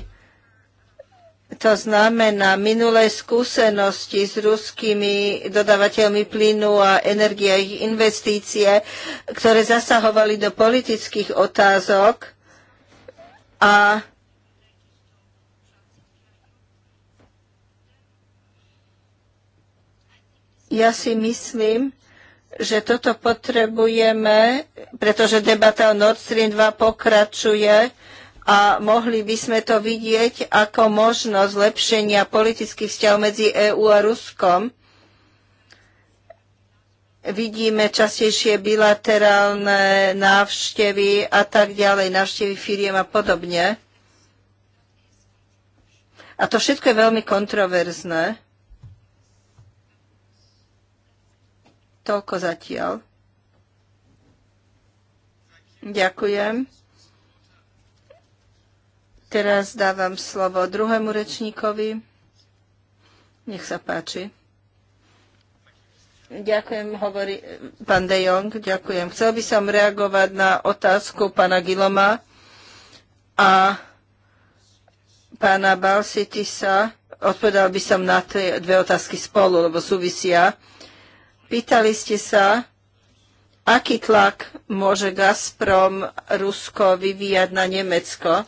To znamená, minulé skúsenosti s ruskými dodávateľmi plynu a energie a ich investície, ktoré zasahovali do politických otázok a ja si myslím, že toto potrebujeme, pretože debata o Nord Stream 2 pokračuje a mohli by sme to vidieť ako možnosť zlepšenia politických vzťahov medzi EÚ a Ruskom. Vidíme častejšie bilaterálne návštevy a tak ďalej, návštevy firiem a podobne. A to všetko je veľmi kontroverzné. Toľko zatiaľ. Ďakujem. Teraz dávam slovo druhému rečníkovi. Nech sa páči. Ďakujem, hovorí pán De Jong, ďakujem. Chcel by som reagovať na otázku pána Giloma a pána Balsitisa. Odpovedal by som na tie dve otázky spolu, lebo súvisia. Pýtali ste sa, aký tlak môže Gazprom Rusko vyvíjať na Nemecko.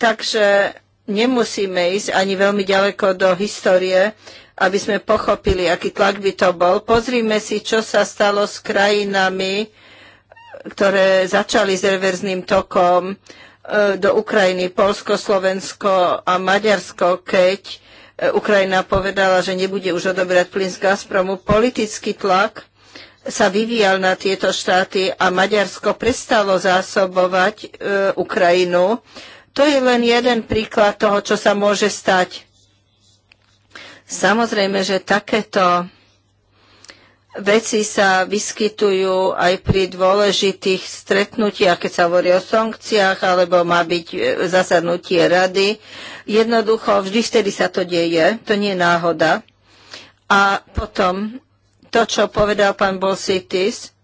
Takže nemusíme ísť ani veľmi ďaleko do histórie, aby sme pochopili, aký tlak by to bol. Pozrime si, čo sa stalo s krajinami, ktoré začali s reverzným tokom e, do Ukrajiny, Polsko, Slovensko a Maďarsko, keď Ukrajina povedala, že nebude už odobrať plyn z Gazpromu. Politický tlak sa vyvíjal na tieto štáty a Maďarsko prestalo zásobovať e, Ukrajinu. To je len jeden príklad toho, čo sa môže stať. Samozrejme, že takéto veci sa vyskytujú aj pri dôležitých stretnutiach, keď sa hovorí o sankciách, alebo má byť e, zasadnutie rady. Jednoducho, vždy vtedy sa to deje, to nie je náhoda. A potom to, čo povedal pán Bolsitis,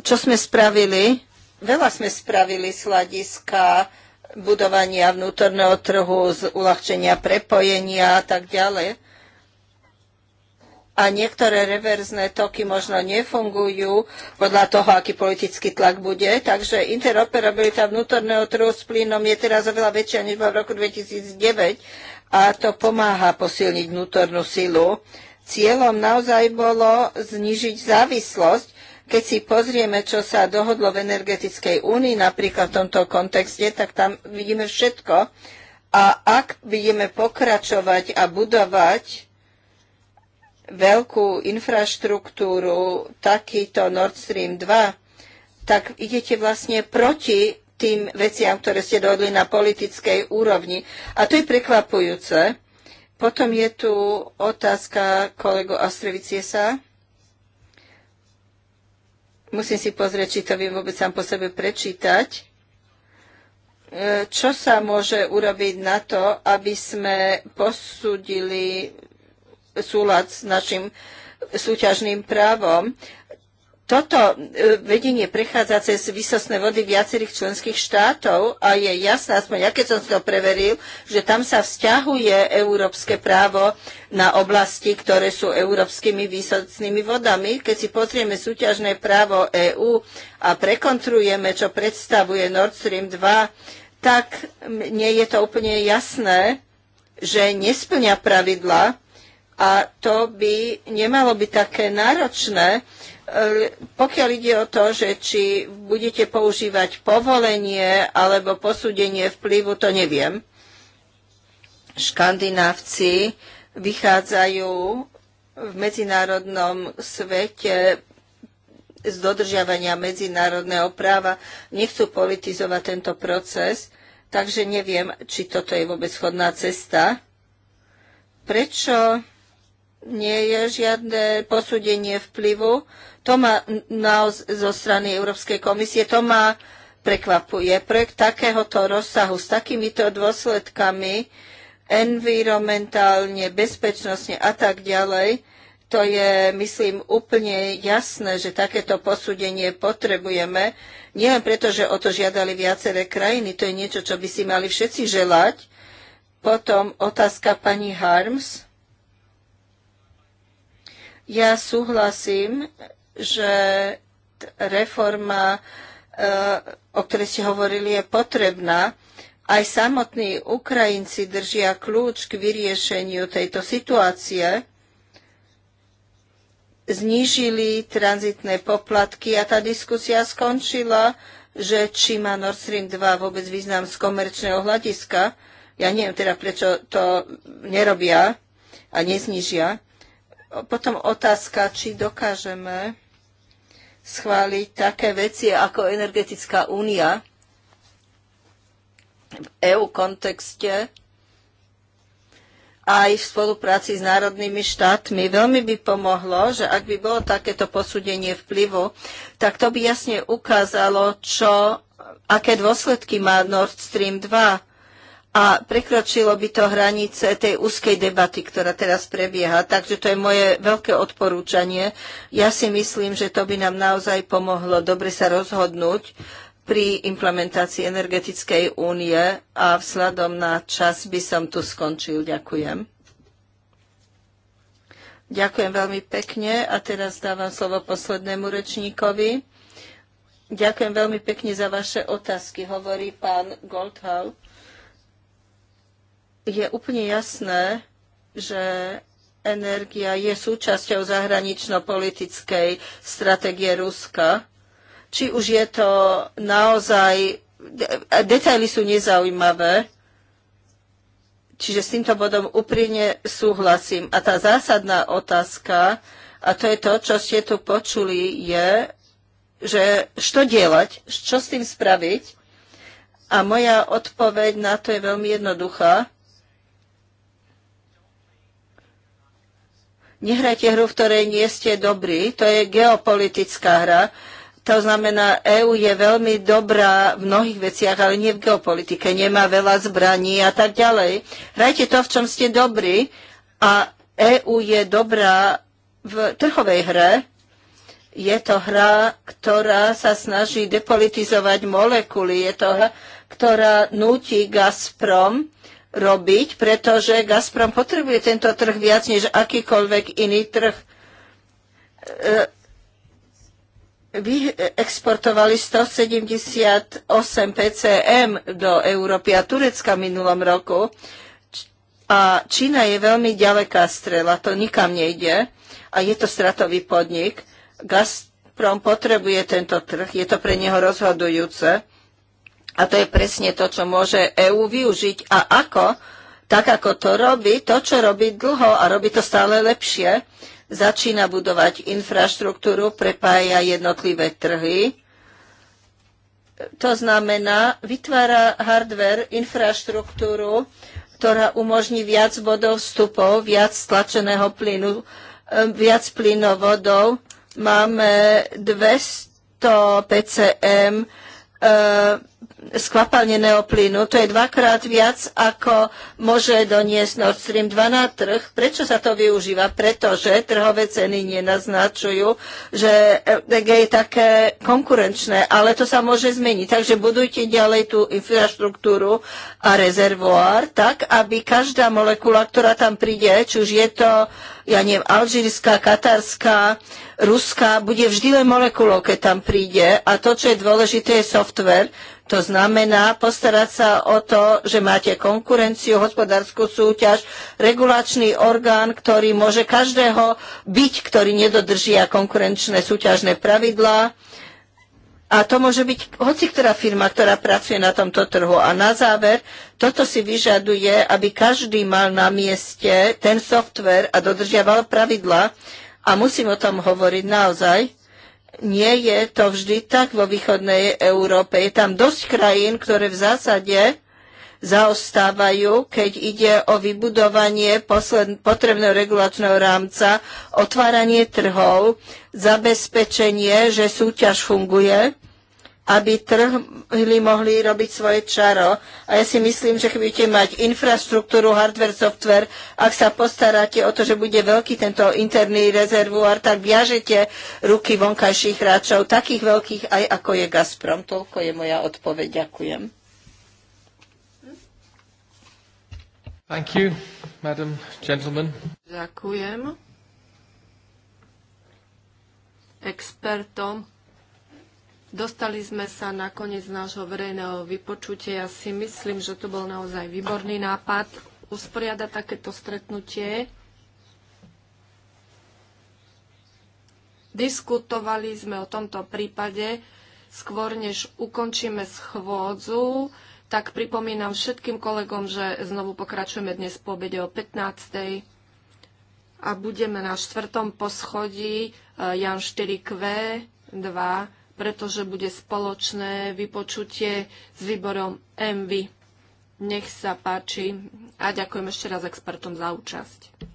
čo sme spravili, veľa sme spravili z hľadiska budovania vnútorného trhu, z uľahčenia prepojenia a tak ďalej a niektoré reverzné toky možno nefungujú podľa toho, aký politický tlak bude. Takže interoperabilita vnútorného trhu s plynom je teraz oveľa väčšia než bola v roku 2009 a to pomáha posilniť vnútornú silu. Cieľom naozaj bolo znižiť závislosť. Keď si pozrieme, čo sa dohodlo v energetickej únii, napríklad v tomto kontexte, tak tam vidíme všetko. A ak vidíme pokračovať a budovať veľkú infraštruktúru, takýto Nord Stream 2, tak idete vlastne proti tým veciam, ktoré ste dohodli na politickej úrovni. A to je prekvapujúce. Potom je tu otázka kolegu Astreviciesa. Musím si pozrieť, či to viem vôbec sám po sebe prečítať e, čo sa môže urobiť na to, aby sme posúdili súlad s našim súťažným právom. Toto e, vedenie prechádza cez vysosné vody viacerých členských štátov a je jasné, aspoň ja keď som to preveril, že tam sa vzťahuje európske právo na oblasti, ktoré sú európskymi výsostnými vodami. Keď si pozrieme súťažné právo EÚ a prekontrujeme, čo predstavuje Nord Stream 2, tak nie je to úplne jasné, že nesplňa pravidla a to by nemalo byť také náročné, e, pokiaľ ide o to, že či budete používať povolenie alebo posúdenie vplyvu, to neviem. Škandinávci vychádzajú v medzinárodnom svete z dodržiavania medzinárodného práva, nechcú politizovať tento proces, takže neviem, či toto je vôbec chodná cesta. Prečo nie je žiadne posúdenie vplyvu. To má naoz, zo strany Európskej komisie, to ma prekvapuje. Projekt takéhoto rozsahu s takýmito dôsledkami environmentálne, bezpečnostne a tak ďalej, to je, myslím, úplne jasné, že takéto posúdenie potrebujeme. nie len preto, že o to žiadali viaceré krajiny, to je niečo, čo by si mali všetci želať. Potom otázka pani Harms ja súhlasím, že reforma, eh, o ktorej ste hovorili, je potrebná. Aj samotní Ukrajinci držia kľúč k vyriešeniu tejto situácie. Znížili tranzitné poplatky a tá diskusia skončila, že či má Nord Stream 2 vôbec význam z komerčného hľadiska. Ja neviem teda, prečo to nerobia a neznižia. Potom otázka, či dokážeme schváliť také veci ako energetická únia v EU kontexte aj v spolupráci s národnými štátmi. Veľmi by pomohlo, že ak by bolo takéto posúdenie vplyvu, tak to by jasne ukázalo, čo, aké dôsledky má Nord Stream 2 a prekročilo by to hranice tej úzkej debaty, ktorá teraz prebieha. Takže to je moje veľké odporúčanie. Ja si myslím, že to by nám naozaj pomohlo dobre sa rozhodnúť pri implementácii energetickej únie a vzhľadom na čas by som tu skončil. Ďakujem. Ďakujem veľmi pekne a teraz dávam slovo poslednému rečníkovi. Ďakujem veľmi pekne za vaše otázky, hovorí pán Goldhaupt je úplne jasné, že energia je súčasťou zahranično-politickej stratégie Ruska. Či už je to naozaj... Detaily sú nezaujímavé, čiže s týmto bodom úprimne súhlasím. A tá zásadná otázka, a to je to, čo ste tu počuli, je, že čo dielať, čo s tým spraviť. A moja odpoveď na to je veľmi jednoduchá Nehrajte hru, v ktorej nie ste dobrí. To je geopolitická hra. To znamená, EÚ je veľmi dobrá v mnohých veciach, ale nie v geopolitike. Nemá veľa zbraní a tak ďalej. Hrajte to, v čom ste dobrí. A EÚ je dobrá v trhovej hre. Je to hra, ktorá sa snaží depolitizovať molekuly. Je to hra, ktorá nutí Gazprom robiť, pretože Gazprom potrebuje tento trh viac než akýkoľvek iný trh. E, vy exportovali 178 PCM do Európy a Turecka minulom roku a Čína je veľmi ďaleká strela, to nikam nejde a je to stratový podnik. Gazprom potrebuje tento trh, je to pre neho rozhodujúce a to je presne to, čo môže EÚ využiť. A ako? Tak ako to robí, to, čo robí dlho a robí to stále lepšie, začína budovať infraštruktúru, prepája jednotlivé trhy. To znamená, vytvára hardware, infraštruktúru, ktorá umožní viac bodov vstupov, viac stlačeného plynu, viac plynovodov. Máme 200 PCM, eh, skvapalneného plynu. To je dvakrát viac, ako môže doniesť Nord Stream 2 na trh. Prečo sa to využíva? Pretože trhové ceny nenaznačujú, že LPG je také konkurenčné, ale to sa môže zmeniť. Takže budujte ďalej tú infraštruktúru a rezervoár tak, aby každá molekula, ktorá tam príde, či už je to, ja neviem, alžírska, katarská, ruská, bude vždy len molekulou, keď tam príde. A to, čo je dôležité, je software, to znamená postarať sa o to, že máte konkurenciu, hospodárskú súťaž, regulačný orgán, ktorý môže každého byť, ktorý nedodržia konkurenčné súťažné pravidlá. A to môže byť hoci ktorá firma, ktorá pracuje na tomto trhu. A na záver, toto si vyžaduje, aby každý mal na mieste ten software a dodržiaval pravidla. A musím o tom hovoriť naozaj, nie je to vždy tak vo východnej Európe. Je tam dosť krajín, ktoré v zásade zaostávajú, keď ide o vybudovanie posled, potrebného regulačného rámca, otváranie trhov, zabezpečenie, že súťaž funguje aby trhli mohli robiť svoje čaro. A ja si myslím, že keď mať infraštruktúru, hardware, software, ak sa postaráte o to, že bude veľký tento interný rezervuár, tak viažete ruky vonkajších hráčov, takých veľkých aj ako je Gazprom. Toľko je moja odpoveď. Ďakujem. Thank you, madam, gentlemen. Ďakujem expertom Dostali sme sa na koniec nášho verejného vypočutia. Ja si myslím, že to bol naozaj výborný nápad usporiadať takéto stretnutie. Diskutovali sme o tomto prípade skôr, než ukončíme schôdzu, tak pripomínam všetkým kolegom, že znovu pokračujeme dnes po obede o 15. a budeme na štvrtom poschodí eh, Jan 4Q2 pretože bude spoločné vypočutie s výborom MV. Nech sa páči a ďakujem ešte raz expertom za účasť.